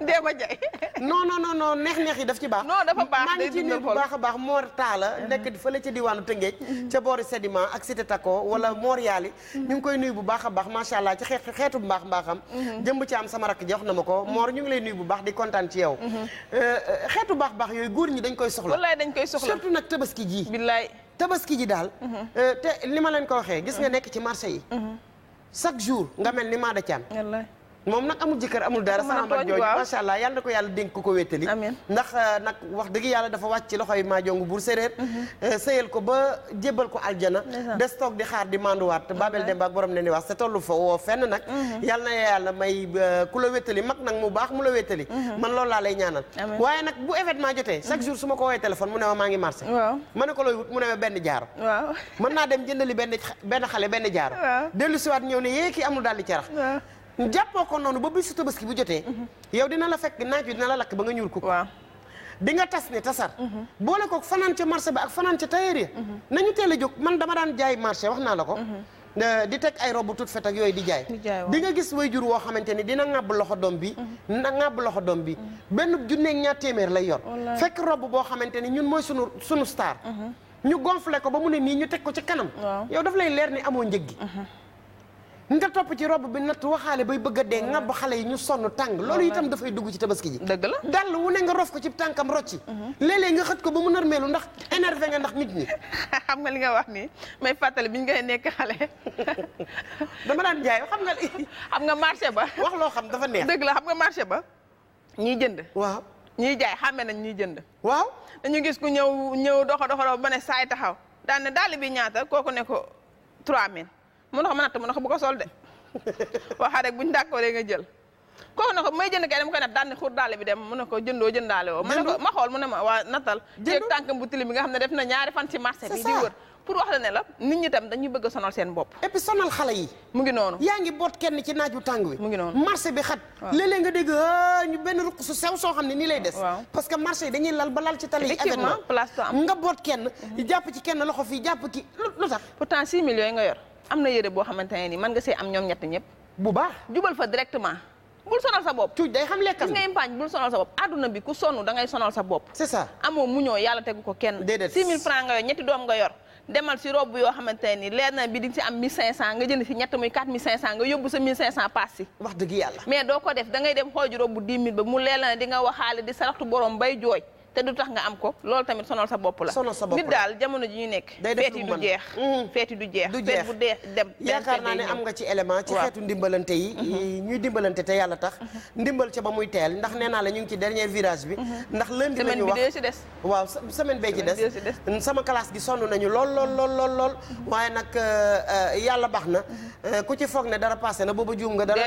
dee ma yi daf ci baax non dafa baax maa ngi ci nuyu bu baax a baax Mor Talla mm-hmm. nekk fële ca diwaanu Tëngéej mm-hmm. ca boori Sedima ak Cité Tako wala mm-hmm. Mor ñu ngi koy nuyu bu baax baax macha allah ci xeet xeetu mbaax mbaaxam jëmb am sama rakk jox na ma ko Mor ñu ngi lay bu baax di kontaan ci yow euh, euh, xeetu baax baax yooyu góor ñi dañ koy soxla wallaay dañ koy soxla surtout nag tabaski jii billaay tabaski ji daal. Mhm. Euh, te ni ma leen ko waxee. gis nga nekk ci marché yi. Mhm. chaque jour nga mel ni Maada Thiam. moom nag amul jëkkër amul dara sama ma macha allah na ko yàlla dénk ko wéttali ndax euh, nag wax dëgg yàlla dafa wàcc loxoy maajongu buur séréer mhm. euh, sëyal ko ba jébbal ko aljana des toog di xaar di manduwaat babel dem baak borom ne ni wax te tollu fa woo fenn mhm. yàlla na yàlla may euh, la wéttali mag nag mu baax mu la wéttali mhm. man loolu laa lay ñaanal waaye nag bu événement jotee chaque jour su ma ko woowee téléphone mu ne ma maa ngi ma ne ko looy wut mu ne ma benn jaaro waaw mën naa dem jëndali benn benn xale benn jaaro dellu siwaat ñëw ne yée kii amul daal di carax jàppoo ko noonu ba bisu tabaski bu jotee. yow dina la fekk naaj wi dina la lakk ba nga ñuul ko. waaw nga tas ne tasar. Mhm. boole ko fanaan ca marché bi ak fanaan ca tailleur ya. Mhm. nañu teel a jóg man dama daan jaay marché wax naa la ko. Mhm. di teg ay robu tut fet ak yooyu di jaay di nga gis way jur woo xamante ni dina ŋàbb loxo doom bi na ŋàbb loxo doom bi benn junne ñaar téeméer lay yor fekk rob boo xamante ni ñun mooy sunu sunu star ñu gonflé ko ba mu ne nii ñu teg ko ci kanam yow daf lay leer ni amoo njëg gi nga topp ci rob bi natt waxaale bay bëgg a dee ngàbb xale yi ñu sonn tàng loolu itam dafay dugg ci tabaski ji dëgg la dàll wu ne nga rof ko ci tànkam rocci mhm. léeg nga xët ko ba mu narmeelu ndax énervé nga ndax nit ñi xam nga li nga wax nii may fàttali bi ñu ngay nekk xale dama daan jaay xam nga xam nga marché ba wax loo xam dafa neex dëgg la xam nga marché ba ñuy jënd waaw ñuy jaay xàmme nañ ñuy jënd waaw dañu gis ku ñëw ñëw doxa doxa ba ne saay taxaw daan ne dàll bi ñaata ko ne ko 3000 mun na ko ma natt mun na ko bu ko sol de waxaa rek buñ dàkkoo rek nga jël kooku na ko may jënd kay dama koy nat daanne xur daale bi dem mu ne ko jëndoo jëndaale woo mu ne ko ma xool mu ne ma waa nattal jéeg tànkam bi nga xam ne def na ñaari fan ci marché bi la ne la nit dañuy bëgg a sonal seen xale yi mu ngi noonu yaa ngi boot kenn ci naaj bu tàng bi mu ngi noonu marché bi xat léeg-léeg nga dégg ah, ñu benn ruq su sew soo xam ne nii lay des parce que marché yi dañuy lal ba lal ci tali yi événement place nga boot kenn mm-hmm. jàpp ci kenn loxo fii jàpp ki lu tax pourtant six millions yi nga yor am na yére boo xamante ne ni mën nga see am ñoom ñett ñëpp bu baax jubal fa directement bul sonal sa bopp cuuj day xam lekkam gis nga impaañ bul sonal sa bopp adduna bi ku sonn da ngay sonal sa bopp c'est ça amoo mu ñoo yàlla tegu ko kenn déedéet six mille francs nga yor ñetti doom nga yor demal si robe yoo xamante ni leer na bi di nga si am 1500 nga jënd si ñett muy 4500 nga yóbbu sa 1500 paas si. wax mais doo ko def da dem xooj robe bu 10 ba mu leer na di nga waxaale di saraxtu borom te du tax nga am ko loolu tamit sonal sa bopp la sonal sa bopp la nit daal jamono ji ñu nekk mm-hmm. feeti du jeex feeti du jeex feet bu dee dem yaakaar naa ne am nga ci élément ci xeetu ndimbalante yi mm-hmm. ñuy dimbalante te yàlla tax mm-hmm. ndimbal ca ba muy teel ndax nee naa la ñu ngi ci dernier virage bi ndax lundi la ñu wax ci des waaw semaine bee ci des sama classe gi sonn nañu lool lool lool lool lool waaye nag euh, euh, yàlla baax na euh, ku ci foog ne dara passé na boobu juum nga dara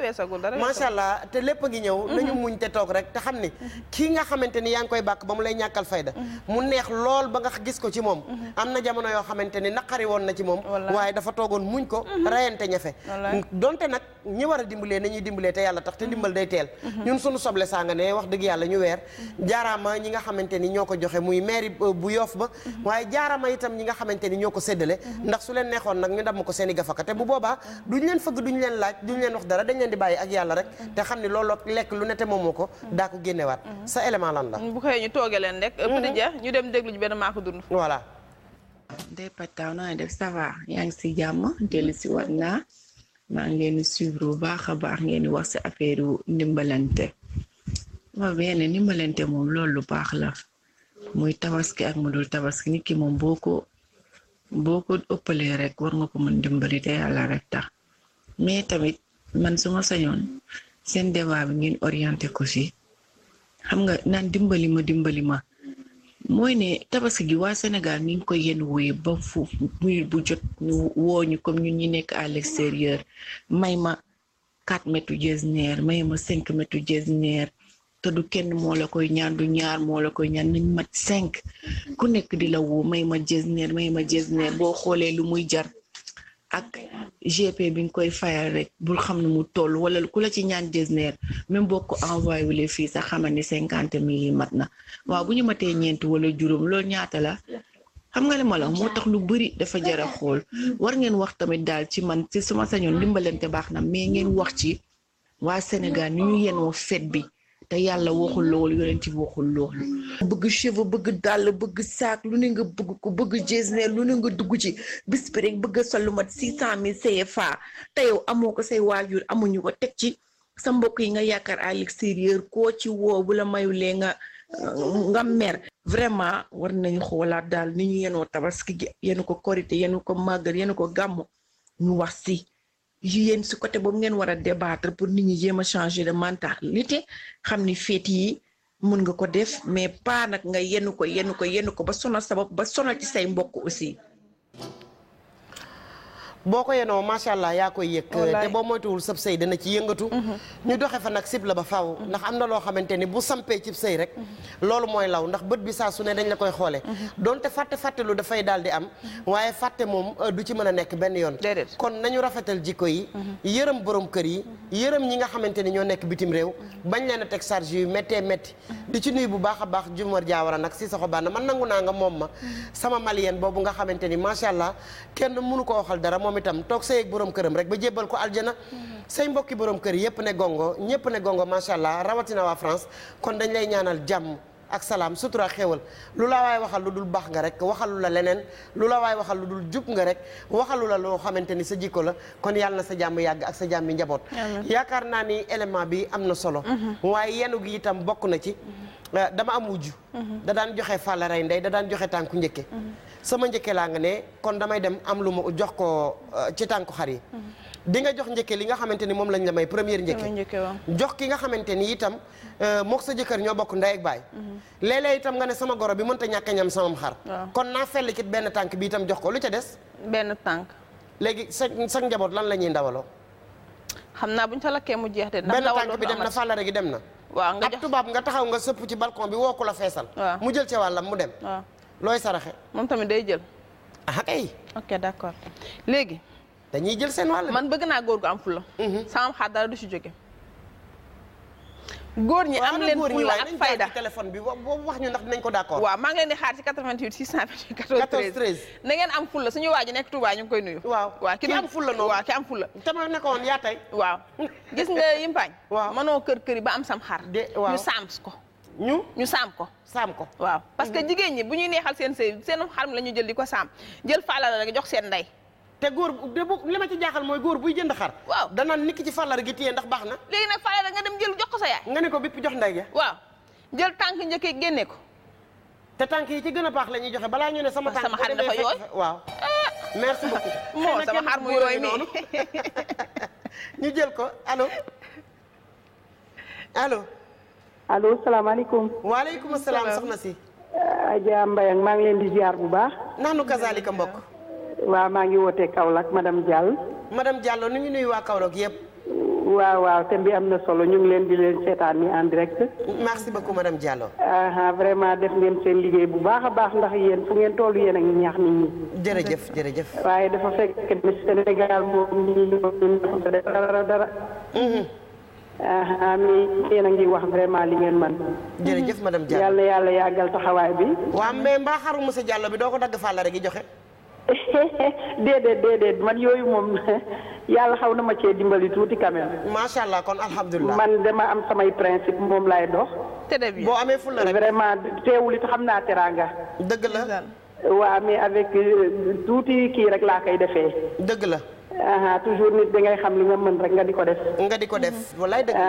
weesagul macha allah te lépp a ngi ñëw nañu muñ te toog rek te xam ne kii nga xamante koy bàkk ba mu lay ñàkkal fayda mu neex lool ba nga gis ko ci moom am na jamono yoo xamante ni naqari woon na ci moom waaye dafa toogoon muñ ko mhm. rayante ñafe donte nag ñi war a dimbalee nañuy dimbalee te yàlla tax te mhm. dimbal day teel mhm. ñun suñu soble saa nga ne wax dëgg yàlla ñu weer jaaraama ñi nga xamante ni ñoo ko joxe muy maire bu yoof ba waaye jaaraama itam ñi nga xamante ni ñoo ko séddale ndax su leen neexoon nag ñu damm ko seeni gafaka te bu boobaa duñ leen fëgg duñ leen laaj duñ leen wax dara dañ leen di bàyyi ak yàlla rek te xam ni loolu lekk lu koy ñu tooge leen rek. Petit Dia mhm. ñu dem déglu ji benn maa ko dund. voilà. Ndeye Pat Aw naa def ça va yaa ngi si jàmm dellu si war naa maa ngi leen di suivre baax a baax ngeen di wax si affaire ndimbalante waaw bien ndimbalante moom lool lu baax la muy tabaski ak mu dul tabaski nit ki moom boo ko boo ko ëppalee rek war nga ko mën dimbali te yàlla rek tax mais tamit man suma sañoon seen débat ngeen orienté ko si. xam nga naan dimbali ma dimbali ma mooy ne tabaski gi waa Sénégal ni ngi koy yenn wooyee ba fu minute bu jot wooñu comme ñu ñu nekk à l'extérieur may ma quatre mètres jésneer may ma cinq mètres jésneer te du kenn moo la koy ñaan du ñaar moo la koy ñaan nañ mat cinq ku nekk di la may ma jésneer may ma jésneer boo xoolee lu muy jar ak GP bi nga koy fayal rek bul xam ne mu toll wala ku la ci ñaan jesneer même boo ko envoyé wule fii sax xamal ni cinquante mille yi mat na waaw bu ñu matee ñeent wala juróom loolu ñaata la xam nga li ma la moo tax lu bëri dafa jar xool war ngeen wax tamit daal ci man ci suma sañoon dimbalante baax na mais ngeen wax ci waa Sénégal ni ñu yenoo fête bi te yàlla waxul loolu yonent bi waxul loolu bëgg cheveux bëgg dàll bëgg saak lu ne nga bëgg ko bëgg jesne lu ne nga dugg ci bis bi bëgg a sol lu mat six cent mille CFA te yow amoo ko say waajur amuñu ko teg ci sa mbokk yi nga yaakaar à l'extérieur ko ci woo bu la lee nga nga mer vraiment war nañu xoolaat daal ni ñu yenoo tabaski gi yenu ko korité yenu ko màggal yenu ko gàmmu ñu wax si yéen si côté boobu ngeen war a débattre pour nit ñi jéem a changer de mentalité xam ni féet yi mun nga ko def mais pas nag nga yenn ko yenn ko yenn ko ba sonal sa bopp ba sonal ci say mbokk aussi boo ko yenoo macha allah yaa koy yëg te boo moytuwul sab sëy dana ci yëngatu mhm. ñu doxe fa nag sib la ba faw mhm. ndax am na loo xamante ni bu sampee cib sëy rek mhm. loolu mooy law ndax bët bi saa su ne dañ la koy xoole donte fàtte fàtte lu dafay daal di am waaye fàtte moom euh, du ci mën a nekk benn yoon kon nañu rafetal jikko yi yërëm borom kër yi yërëm ñi nga xamante ni ñoo nekk bitim réew bañ leen a teg charge yu méttee métti du ci nuy bu baax a baax Jumar Jaawara nag si saxo baan man nangu naa nga moom ma sama malienne boobu nga xamante ni macha allah kenn mënu ko waxal dara moom itam toog sa ak boroom këram rek ba jébbal ko aljana say mbokki boroom kër yépp ne gongo ñépp ne gongo macha allah rawatina waa France kon dañ lay ñaanal jàmm ak salaam sutura xéewal lu la waay waxal lu dul baax nga rek waxalu la leneen lu la waaye waxal lu dul jub nga rek waxalu la loo xamante ni sa jikko la kon yàlla sa jàmm yàgg ak sa jàmmi njaboot yaakaar naa ni élément bi am na solo mhm. waaye yenu gi itam bokk na ci mhm. eh, dama am wujju mhm. da daan joxe fàllaray ndey da daan joxe tànku njëkke sama njëkkee laa nga ne kon damay dem am lu ma jox ko euh, ci tànku xar yi mm-hmm. di nga jox njëkke li nga xamante ni moom lañ la may première njëkke jox ki nga xamante ni itam euh, mook sa jëkkër ñoo bokk ndey ek baay mm-hmm. léeg-léeg itam nga ne sama goro bi mënta ñàkk a sama mu xar kon naa fell ci benn tànk bi itam jox ko lu ca des benn tànk léegi sa sa njaboot lan la ñuy ndawaloo xam naa buñ ta lakkee mu jeex de benn tànk bi dem na fàllare gi dem na waaw nga ab tubaab nga taxaw nga sëpp ci balcon bi woo ku la feesal mu jël ca wàllam mu dem looy saraxe. moom tamit day jël. ah kay. ok d'accord léegi. dañuy jël seen wàll. man bëgg naa góor gu am fulla. Mhm. sama xaar dara du si jóge. góor ñi am leen fulla ak fayda téléphone bi boobu wax ñu ndax dinañ ko d'accord. waaw maa ngi leen di xaar ci 88 628 14 13 am fulla suñu waa ji nekk Touba ñu ngi koy nuyu. waaw waaw ki am fulla noonu waaw ki am fulla. dama nekkoon yaa tey. waa gis nga yimpaañ. waaw mënoo kër kër yi ba am sam xar. de waaw saams ko. ñu ñu saam ko saam ko waaw parce que mm-hmm. jigéen ñi bu ñuy neexal seen sëy seen xaram la ñu jël di ko saam jël faalal rek jox seen ndey te góor de bu li ma ci jaaxal mooy góor buy jënd xar waaw danaan nit ci fàllar gi téye ndax baax na léegi nag fàllar nga dem jël jox ko sa yaay nga ne ko bépp jox ndey ja waaw jël tànk njëkkee génne ko te tànk yi ci gën a baax la ñuy joxe balaa ñu ne sama tànk sama xar dafa yooy waaw ah. merci beaucoup moo sama xar mu yooy mi ñu jël ko allo allo salaamaaleykum. waaleykum salaam soxna si. Euh, Adja Mbayang maa ngi leen di jaar bu baax. naxnu kazaalika mbokk. waaw maa ngi wootee Kaolack madame Diallo. madame jàlloo nu ngi nuyu waa Kaolack yëpp. waaw waaw te bi am na solo ñu ngi leen di leen seetaan ni en direct. merci beaucoup madame Diallo. vraiment def ngeen seen liggéey bu baax a baax ndax yéen fu ngeen toll yéen a ngi ñaax nit ñi. jërëjëf jërëjëf. waaye dafa fekk ne Sénégal moom ñu ngi dara dara. Mhm. Ah, ah, mi yéen na ngi wax vraiment li ngeen man jërëjëf madame Diallo yàlla yàlla yàggal taxawaay bi. waa mais mbaa xaru monsieur Diallo bi doo ko dagg rek gi joxe. déedéet déedéet man yooyu moom yàlla xaw na ma cee dimbali tuuti quand même. macha allah kon alhamdulilah. man dama am samay principe moom laay dox. te de boo amee fulla rek vraiment teewul it xam naa teraanga. dëgg la. waaw mais avec euh, tuuti kii rek laa koy defee. dëgg la. toujours nit dangay xam li nga mën rek nga di ko def. nga di ko def wallaay dëgg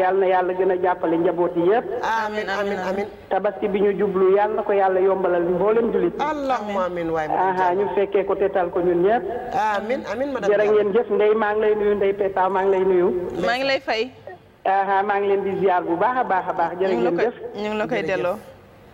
yàlla na yàlla gën a jàppale njaboot yi yëpp. amiin amiin amiin tabaski bi ñu jublu yàlla na ko yàlla yombalal mboolem jullit. allahumma amiin waay ñu fekkee ko tetal ko ñun ñëpp. amiin amiin madame jërë ngeen jëf ndey maa ngi lay nuyu ndey Peta maa ngi lay nuyu. maa ngi lay fay. maa ngi leen di ziar bu baax a baax a baax. jërë ngeen jëf ñu ngi la koy delloo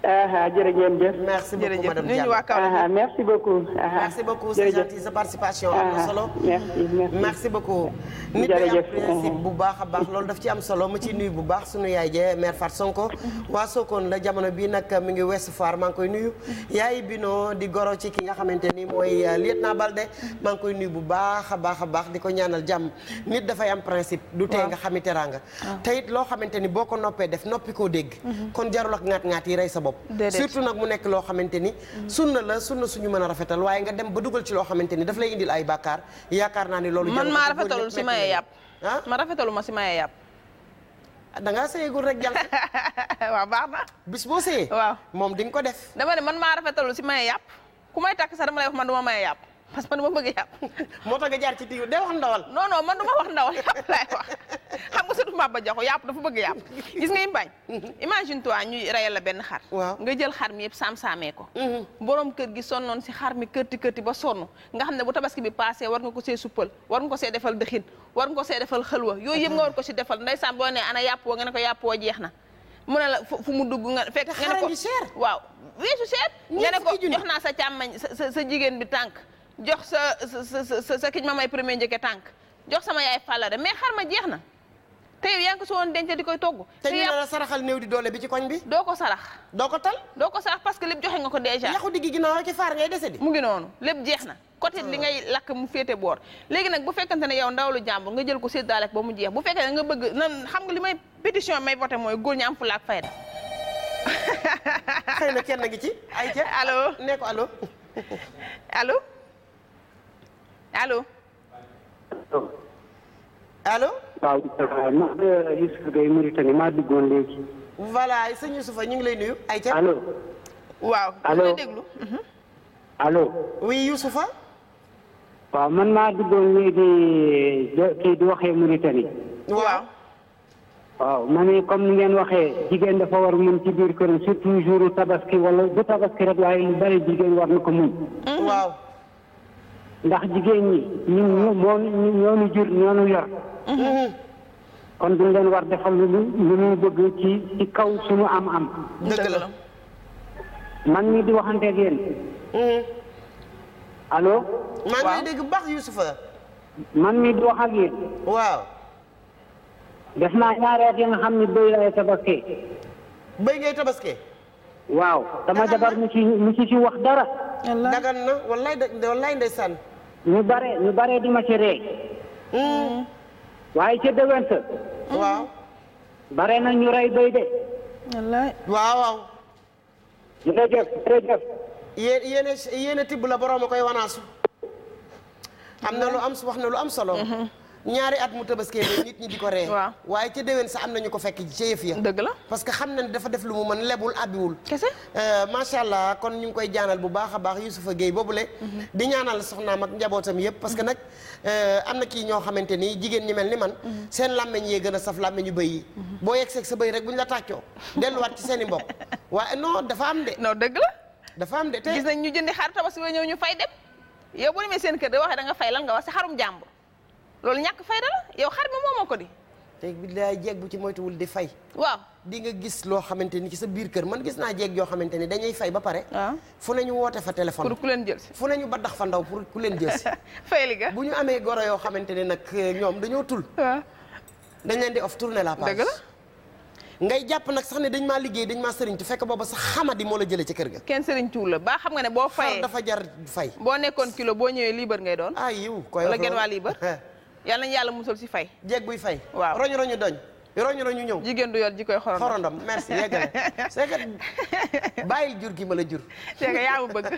jërë ngeen jëf. merci beaucoup madame Diallo jërëjëf merci beaucoup. merci beaucoup sa participation am na solo. merci merci beaucoup. nit am principe bu baax a baax loolu daf ci am solo ma ci nuyu bu baax suñu yaay jee maire Fatou Sonko. waa Sokone la jamono bii nag mi ngi Ouest Foire maa ngi koy nuyu. yaay Bino di goro ci ki nga xamante ni mooy euh, naa Balde maa ngi koy nuyu bu baax a baax a baax di ko ñaanal jàmm nit dafay am principe. du tee nga xam teraanga. te it loo xamante ni boo ko noppee def noppi koo dégg. Mhm. kon jarul ak ŋaat-ŋaat yi rey sa bopp bopp surtout nag mu nekk loo xamante ni mm-hmm. sunna la sunna suñu mën a rafetal waaye nga dem ba dugal ci loo xamante ni daf lay indil ay bàkkaar yaakaar naa ni loolu man maa rafetalul si ah? maye yàpp ah ma rafetalu ma si maye yàpp da ngaa sëyegul rek jànq waaw baax na bis boo sëyee waaw moom di ko def dama ne man maa rafetalu si maye yàpp ku may takk sax dama lay wax man du ma maye yàpp parce que man ma bëgg yàpp moo tax nga jaar ci digg day wax ndawal non man du ma wax ndawal yàpp laay wax xam nga surtout Maba Jaxu yàpp dafa bëgg yàpp gis nga bañ imagine toi ñuy rayal la benn xar nga jël xar mi yëpp saam-saamee ko mhm. borom kër gi sonnoon si xar mi kërti kërti ba sonn nga xam ne bu tabaski bi passé war nga ko see suppal war nga ko see defal dëxin war nga ko see defal xëlwa yooyu yëpp nga war ko si defal ndeysaan boo ne ana yàpp woo nga ne ko yàpp woo jeex na mu a la fu mu dugg nga fekk nga ne ko waaw weesu cher nga ne ko naa sa càmmañ sa sa jigéen bi tànk jox sa sa sa kiñ ma may premier njëkke tànk jox sama yaay fàllare mais xar ma jeex na te yow yaa ngi woon denc di koy togg. te ñu ne la saraxal néew di doole bi ci koñ bi. doo ko sarax. doo ko tal. doo ko sarax parce que lépp joxe nga ko déjà. yaxu digg ginnaaw ci faar ngay dese di. mu ngi noonu lépp jeex na. Ah. côté li ngay lakk mu féete boor. léegi nag bu fekkante ne yow ndaw lu jàmbur nga jël ko séddale ak ba mu jeex bu fekkee nga bëgg nan xam nga li may pétition may voté mooy góor ñi am fulaak na kenn ngi ci. ayca allo nee ko allo. allo. allo. waaw man de Youssouf Gueye Mauritanie maa duggoon léegi. voilà sëñ Youssouf ñu ngi lay nuyu. ay allo. waaw ñu lay déglu. Mhm. allo. oui Youssouf. waaw man maa duggoon léegi kii di waxee Mauritanie. waaw. waaw ma ne comme ni ngeen waxee jigéen dafa war mun ci biir këram surtout jour tabaski wala bu tabaski rek waaye lu bari jigéen war na ko mun. Mhm. waaw. ndax jigéen ñi ñun ñu moo ñoo ñu jur ñoo ñu yor. Mhm. kon duñ leen war defal lu lu ñu bëgg ci ci kaw suñu am-am. dëgg la. man mii di waxanteeg yéen. Mhm. allo. waaw maa ngi dégg baax Youssoufa. man mii di wax ak yéen. waaw. def naa ñaari at yi nga xam ni béy laay tabaskee. béy ngay tabaskee. waaw dama jabar mu ci mu ci ci wax dara. dagan na wallaay de wallaay ndeysaan ñu bare ñu bare di ma ci hmm. waaye ca dëwënt bare na ñu rey béy de wallaay waaw waaw jërëjëf tibb la boroom koy wanaasu am na lu am wax na lu am solo mm-hmm. ñaari at mu tabaskee ba nit ñi di ko ree waaye ca déwén sa am nañu ko fekk ci yëf ya dëgg la parce que xam na ne dafa def lu mu mën lebul abbiwul kese euh, macha allah kon ñu ngi koy jaanal bu baax a baax géey boobu boobule mhm. di ñaanal soxnaam ak njabootam yëpp parce que nag euh, am na kii ñoo xamante ni jigéen ñi mel ni man mhm. seen làmmeñ yee gën a saf làmmeñu bëy yi mhm. boo yegg seeg sa bëy rek bu ñu la tàccoo delluwaat ci seen i mbokk waaye non dafa am de non dëgg la dafa am de te gis ñu jëndi xar tabaski ba ñëw ñu fay dem yow bu demee seen kër nga fay lan nga wax si xarum jàmbur loolu ñàkk fayda la yow xar bi moomoo ko di. te billaay jeeg bu ci moytuwul di fay. waaw di nga gis loo xamante ni ci sa biir kër man gis naa jeeg yoo xamante ni dañuy fay ba pare. waaw fu ne ñu woote fa téléphone. ku leen jël si fu ne ñu baddax fa ndaw pour ku leen jël si. fay ga bu ñu amee goro yoo xamante ne nag eh, ñoom dañoo dañ leen di off tourner la page. dëgg ngay jàpp nag sax ne dañ maa liggéey dañ maa sëriñtu fekk booba sax xamadi moo la jëlee ci kër ga. kenn sëriñtuwul la ba xam ne boo. fayee dafa jar fay. boo nekkoon kilo boo ñëwee liibar ngay doon. ah yiw koy wala genn waa liibar yàlla nañu yàlla musal si fay jeeg buy fay waaw roñu roñu doñ roñu roñu ñëw jigéen du yor ji koy xorondom xorondom merci yeggale c'est que bàyyil jur gi ma la jur c'est que yaa ma bëgg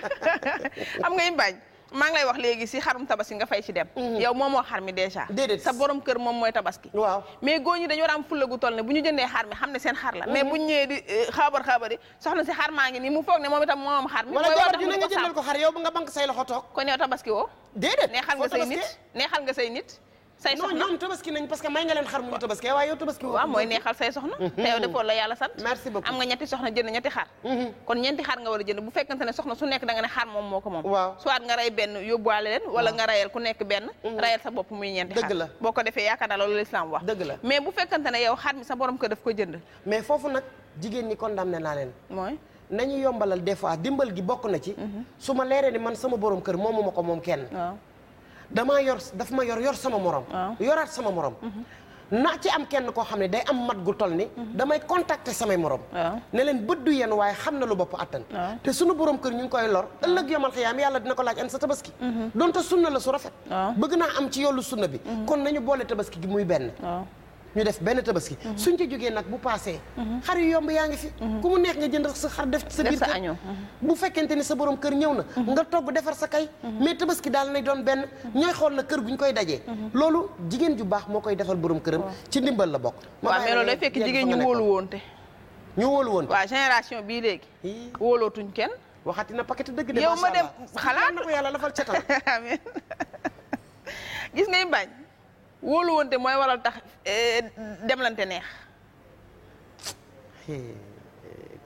xam nga imbaañ maa ngi lay wax léegi si xarum tabaski nga fay si dem mhm. yow moom moo xar mi dèjà déedéet sa borom kër moom mooy tabaski waaw mais góor ñi dañu war am toll ne bu ñu jëndee xar mi xam ne seen xar la mais mhm. bu ñu ñëwee di eh, xabar xabar yi si xar maa ngi nii mu foog ne moom itam moom xar mi wala jabar ju ne nga jëndal ko xar yow ba nga bank say loxo toog kon yow tabaski say nit say soxna non ñoom tabaski nañ parce que may nga leen xar mu tabaski waaye yow tabaski waaw mooy neexal say soxna mm-hmm. te yow defoo la yàlla sant merci beaucoup am nga ñetti soxna jënd ñetti xar mm-hmm. kon ñeenti xar nga war a jënd bu fekkante ne soxna su nekk da nga ne xar moom moo ko moom mm-hmm. defee yaakaar naa loolu la mais bu ne yow xar mi sa ko daf ko jënd mais foofu nag jigéen ñi naa leen mooy nañu yombalal des fois dimbal gi bokk na ci su ma leeree ni man sama borom kër moomu ma ko moom kenn damaa yor dafa ma yor yor sama morom. yoraat sama morom. Mhm. naa ci am kenn koo xam ne day am mat gu toll ni mhm. damay contacter samay morom ne leen bët du yéen waaye xam na lu bopp attan te sunu borom kër ñu ngi koy lor ëllëg yomal xiyaam yàlla dina ko laaj an sa tabaski mhm. donte sunna la su rafet bëgg naa am ci yoolu sunna bi kon nañu boole tabaski gi muy benn ñu def benn tabaski. Mhm. suñ ca jógee nag bu paasee. Mhm. xar yu yomb yaa ngi fi. Mhm. ku mu neex nga jënd sa xar def sa biir kër bu fekkente ni sa boroom kër ñëw na. nga togg defar sa kay. mais tabaski daal nay doon benn. ñooy xool na kër guñ koy dajee. loolu jigéen ju baax moo koy defal boroom këram. ci ndimbal la bokk. ma waaw mais loolu day fekk jigéen ñu wóolu woon te. ñu wóolu woon te génération bii léegi. wóolootuñ kenn. waxati na paquet dëgg de. yow ma dem xalaat ko yàlla lafal cetal amiin gis ngay bañ wóoluwante mooy waral tax eh, demlante neex.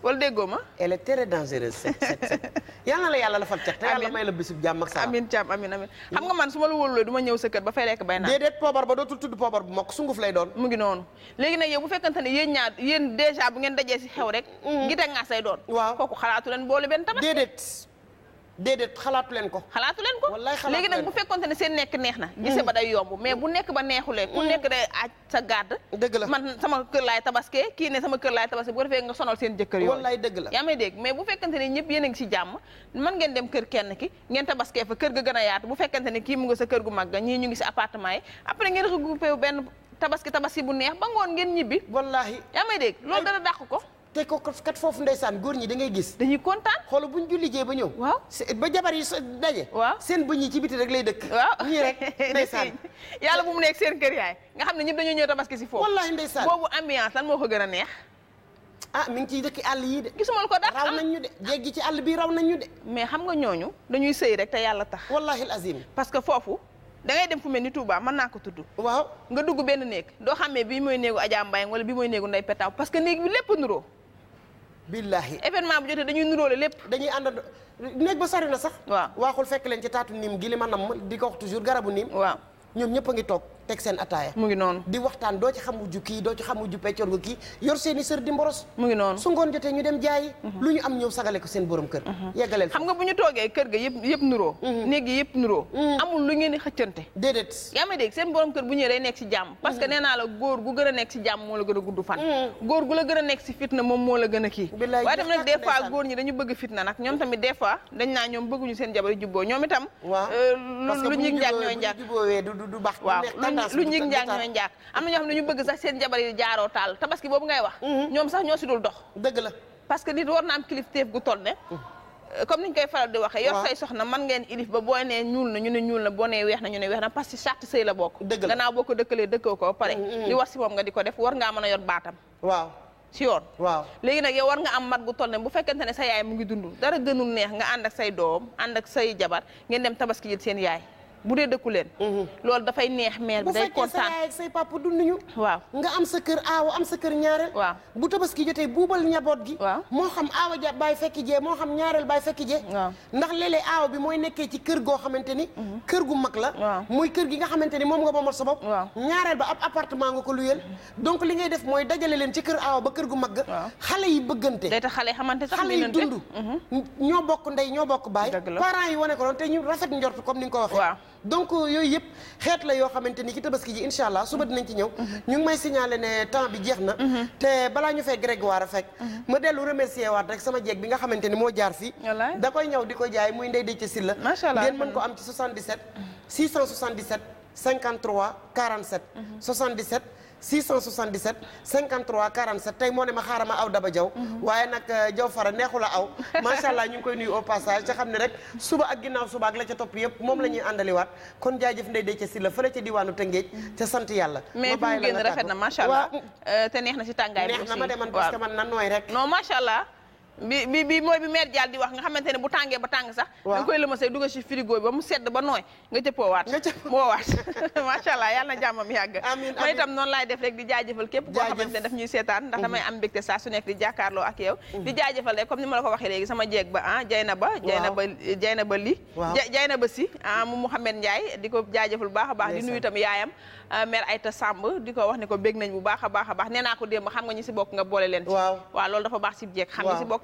wala déggoo ma. elle est très dangereuse set set set yal na la yàlla la fal cat te yàlla may la bisub jàmm ak salaam caam amiin amiin xam nga man su ma la wóoluloo du ma ñëw sa ba fay lekk bay naan déedéet poobar ba dootul tudd poobar bu mokk sunguf lay doon mu ngi noonu léegi nag yow bu fekkante ne yéen ñaar yéen déjà bu ngeen dajee si xew rek mm. gite ngaa say doon waaw kooku xalaatu leen boole benn tabaski déedéet xalaatu leen ko xalaatu leen ko léegi nag bu fekkonte ne seen nekk neex na gise mm. ba day yomb mais bu nekk ba neexulee ku mm. nekk day aaj sa garde dëgg la man sama kër laay tabaske kii ne sama kër laay tabaske bu ko defee nga sonal seen jëkkër yooyu wallaay dëgg la yaa may dégg mais bu fekkante ne ñëpp yéen a ngi si jàmm man ngeen dem kër kenn ki ngeen tabaskee fa kër ga gën a yaatu bu fekkante ne kii mu nga sa kër gu mag ga ñii ñu ngi si appartement yi après ngeen regroupé benn tabaski tabaski bu neex ba ngoon ngeen ñibbi wallaahi yaa may dégg loolu dara dàq ko te ko kat foofu ndeysaan góor ñi da ngay gis dañuy kontaan xoolu bu ñu jullijee ba ñëw waaw ba jabar yi daje waaw seen bëñ yi ci biti rek lay dëkk waaw ñii rek ndeysaan yàlla bu mu nekk seen kër yaay nga xam ne ñëpp dañoo ñëw tabaski si foofu wallaahi ndeysaan boobu ambiance lan moo ko gën a neex ah mi ngi ciy dëkk àll yii de gisuma ko dara raw nañ ci àll bi raw nañ ñu mais xam nga ñooñu dañuy sëy rek te yàlla tax wallaahi azim parce que foofu dangay ngay dem fu mel ni Touba mën naa ko tudd waaw nga dugg benn néeg doo xamee bii mooy néegu Adja Mbaye wala bii mooy néegu Ndeye parce que néeg bi lépp billaahi événement bu jotee dañuy nuróole lépp. dañuy àndandoo néeg ba sori na sax. waaw waaxul fekk leen ci taatu niim gi li ma di ko wax toujours garabu niim. waaw ñoom ñëpp a ngi toog. teg seen ataaya mu ngi noonu di waxtaan doo ci xamu ju kii doo ci xamu peccor ko kii yor seen i sër di mboros mu ngi noonu su ngoon jotee ñu dem jaayi mhm. lu ñu am ñëw sagale ko seen borom kër mhm. yeggaleel xam nga bu ñu toogee kër ga yëpp yëpp nuroo mhm. néeg yi yëpp nuroo amul lu ngeen di xëccante déedéet yaa ma seen borom kër bu ñëwee day nekk ci jàmm parce que nee naa la góor gu gën a nekk ci jàmm moo la gën a gudd fan góor gu la gën a nekk ci fitna moom moo la gën a kii waaye tamit nag des fois góor ñi dañu bëgg fitna nag ñoom tamit des fois dañ naa ñoom bëgguñu seen jabar jubboo lu njig njaag ñooy njaag am na ñoo xam ne ñu bëgg sax seen jabar yi jaaroo taal tabaski boobu ngay wax mhm. ñoom sax ñoo si dul dox dëgg la parce que nit war na am kilifteef gu toll ne mhm. comme niñ koy faral di waxee yor say soxna man ngeen ilif ba boo nee ñuul na ñu ne ñuul na boo nee weex na ñu ne weex na parce que charte sëy la bokk gannaaw boo ko dëkkalee dëkkoo ko pare mhm, li war si moom nga di ko def war ngaa mën a yor baatam waaw ci yoon waaw léegi nag yow war nga am mat gu bu fekkente ne sa yaay mu ngi dund dara gënul neex nga ànd ak say doom ànd ak say jabar ngeen dem tabaski jël seen yaay bu dee dëkku leen. Mhm. loolu dafay neex maire bi day bu fekkee sa yaay ak say papa dunduñu. waaw nga am sa kër aawa am sa kër ñaareel. waaw bu ki jotee buubal njaboot gi. waaw moo xam aawa ja baay fekki jee moo xam ñaareel baay fekki jee. ndax léeg-léeg bi mooy nekkee ci kër goo xamante ni. Mhm. kër gu mag la. waaw muy kër gi nga xamante ni moom nga moomal sa bopp. waaw ñaareel ba ab appartement nga ko luyeel. donc li ngay def mooy dajale leen ci kër aawa ba kër gu mag. waaw xale yi bëggante. day tax xale yi xamante sax xale yi mhm. ñoo bokk ndey ñoo bokk baay. parents yi wane ko doon te ñu rafet njort nga ko waxee. donc euh, yooyu yëpp xeet la yoo xamante ni ci tabaski ji incha allah suba dinañ ci ñëw. Mhm. ñu ngi may signaler ne temps bi jeex na. Mhm. te balaa ñu fay Grégoire a fekk. Mhm. ma dellu remercier waat rek sama jeeg bi nga xamante ni moo jaar fi da koy ñëw di ko jaay muy ndey dëcc si la. macha allah ngeen mën ko am ci 77. 677 53 47. 77. 677 53 47 tey moo ne ma xaaral ma aw Daba Diaw waaye nag euh, Diaw Fara neexu la aw macha allah ñu ngi koy nuyu au passage ca xam ne rek suba ak ginnaaw suba la ca topp yëpp moom lañuy ñuy àndaliwaat kon jaajëf ndey dee ca si la fële ca diwaanu Tëngéej ca sant yàlla mais bu génn rafet na macha allah euh, te neex na si tàngaay bi neex na ma de man parce man na nooy rek noo macha allah bi bi bi mooy bi mère Dial di wax nga xamante ne bu tàngee ba tàng sax. waaw nga koy lëmasee dugal ci frigo bi ba mu sedd ba nooy nga cëppoo waat. nga allah yal na jàmmam yàgg. amiin itam noonu laay def rek di jaajëfal képp koo xamante ne daf ñuy seetaan ndax damay mhm. am mbégte saa su nekk di jàkkaarloo ak yow. Mhm. di jaajëfal rek comme ni ma la ko waxee léegi sama jeeg ba ah Jaynaba. na Jaynaba Jaynaba li. waaw ba si ah mu Mouhamed Ndiaye di ko jaajëfal bu a baax. di nuyu itam yaayam ah, mère Aïta Samb di ko wax ne bu baax a baax a baax naa ko démb xam nga ñi si bokk nga boole leen ci waaw loolu dafa baax si jeeg bokk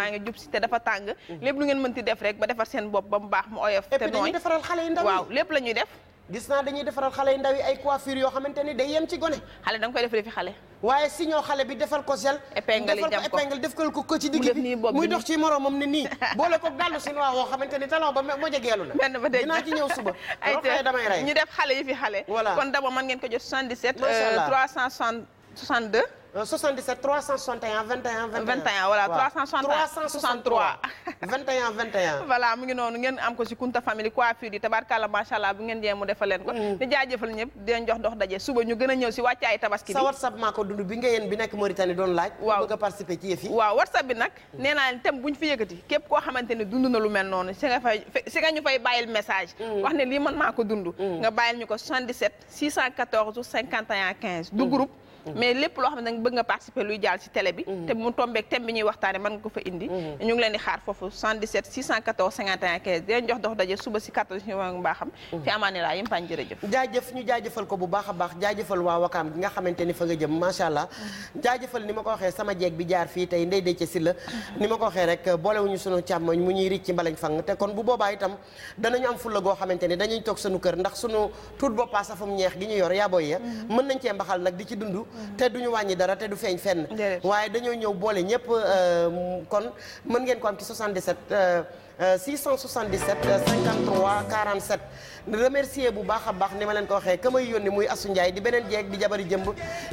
baa ngi jub si te dafa tàng mhm. lépp lu ngeen mënti def rek ba defar seen bopp ba mu baax mu oyof te nooy yi defaral xale yi ndaw yi ay coiffure yoo xamante day yem ci gone xale da nga koy defaree fi xale waaye si ñoo xale bi defal ko gel épingle defal ko ko ci digg bi muy dox ci moroomam ne nii boole ko gàllu si noir woo xamante ni ba moo jegeelu la dinaa ci ñëw suba ay damay rey ñu def xale 77 361 21 21. 21 voilà 361 363 mu ngi noonu ngeen am ko ci Kunta Family coiffure yi tabarkalla macha allah bu ngeen jee mu defal leen ko. Mm. di jaajëfal ñëpp di leen jox dox daje suba ñu gën a ñëw ci wàccaay tabaski bi. sa whatsapp maa ko dund bi nga yéen bi nekk Mauritanie doon laaj. waaw bëgg a ci yëf yi. waaw whatsapp bi nag. nee naa leen fi yëkkati képp koo xamante ne dund na lu mel noonu si nga fay si ñu fay bàyyil message. Mm. wax ne lii man maa ko dund. Mm. nga bàyyil ñu ko 77 614 51 15 du groupe. mais lépp loo xam ne danga bëgg nga participer luy jaal ci télé bi mhm. te mu tombeek thème bi ñuy waxtaane mën nga ko fa indi mhm. ñu ngi leen di xaar foofu 77 614 51 15 dinañ jox dox daje suba si 14 mhm. ñu waa ñu ko bu baax a baax jaajëfal waa wakaam nga xamante ni fa nga jëm macha allah jaajëfal ni ma ko waxee sama jeeg bi jaar fii tey ndey dee ci la ni ma ko waxee rek boolewuñu sunu càmmoñ mu ñuy ric ci mbalañ fang te kon bu boobaa itam danañu am fulla goo xamante ni dañuy toog sunu kër ndax sunu tuut boppaa safum ñeex gi ñu yor yaa booy ya mën nañ cee mbaxal nag di ci dund Mm-hmm. te ñu wàññi dara te du feeñ fenn waaye dañoo ñëw boole ñëpp euh, kon mën ngeen ko am ci 77 677 53 47 remercier bu baax a baax ni ma leen ko waxee ka may ni muy Asu Ndiaye di beneen jeeg di jabari jëmb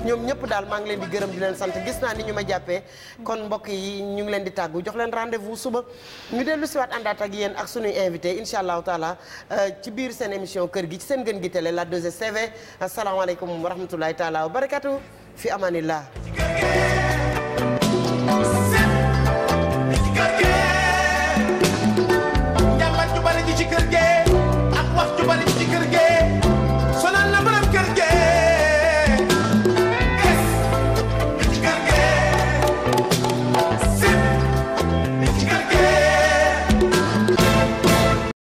ñoom ñëpp daal maa ngi leen di gërëm di leen sant gis naa ni ñu ma jàppee kon mbokk yi ñu ngi leen di tàggu jox leen rendez-vous suba ñu dellu si waat àndaat ak yéen ak sunuy invité incha allahu taala euh, ci biir seen émission kër gi ci seen gën gi télé la 2STV asalaamaaleykum wa rahmatulahi taala wa barakatu fi amanillah ci kër gi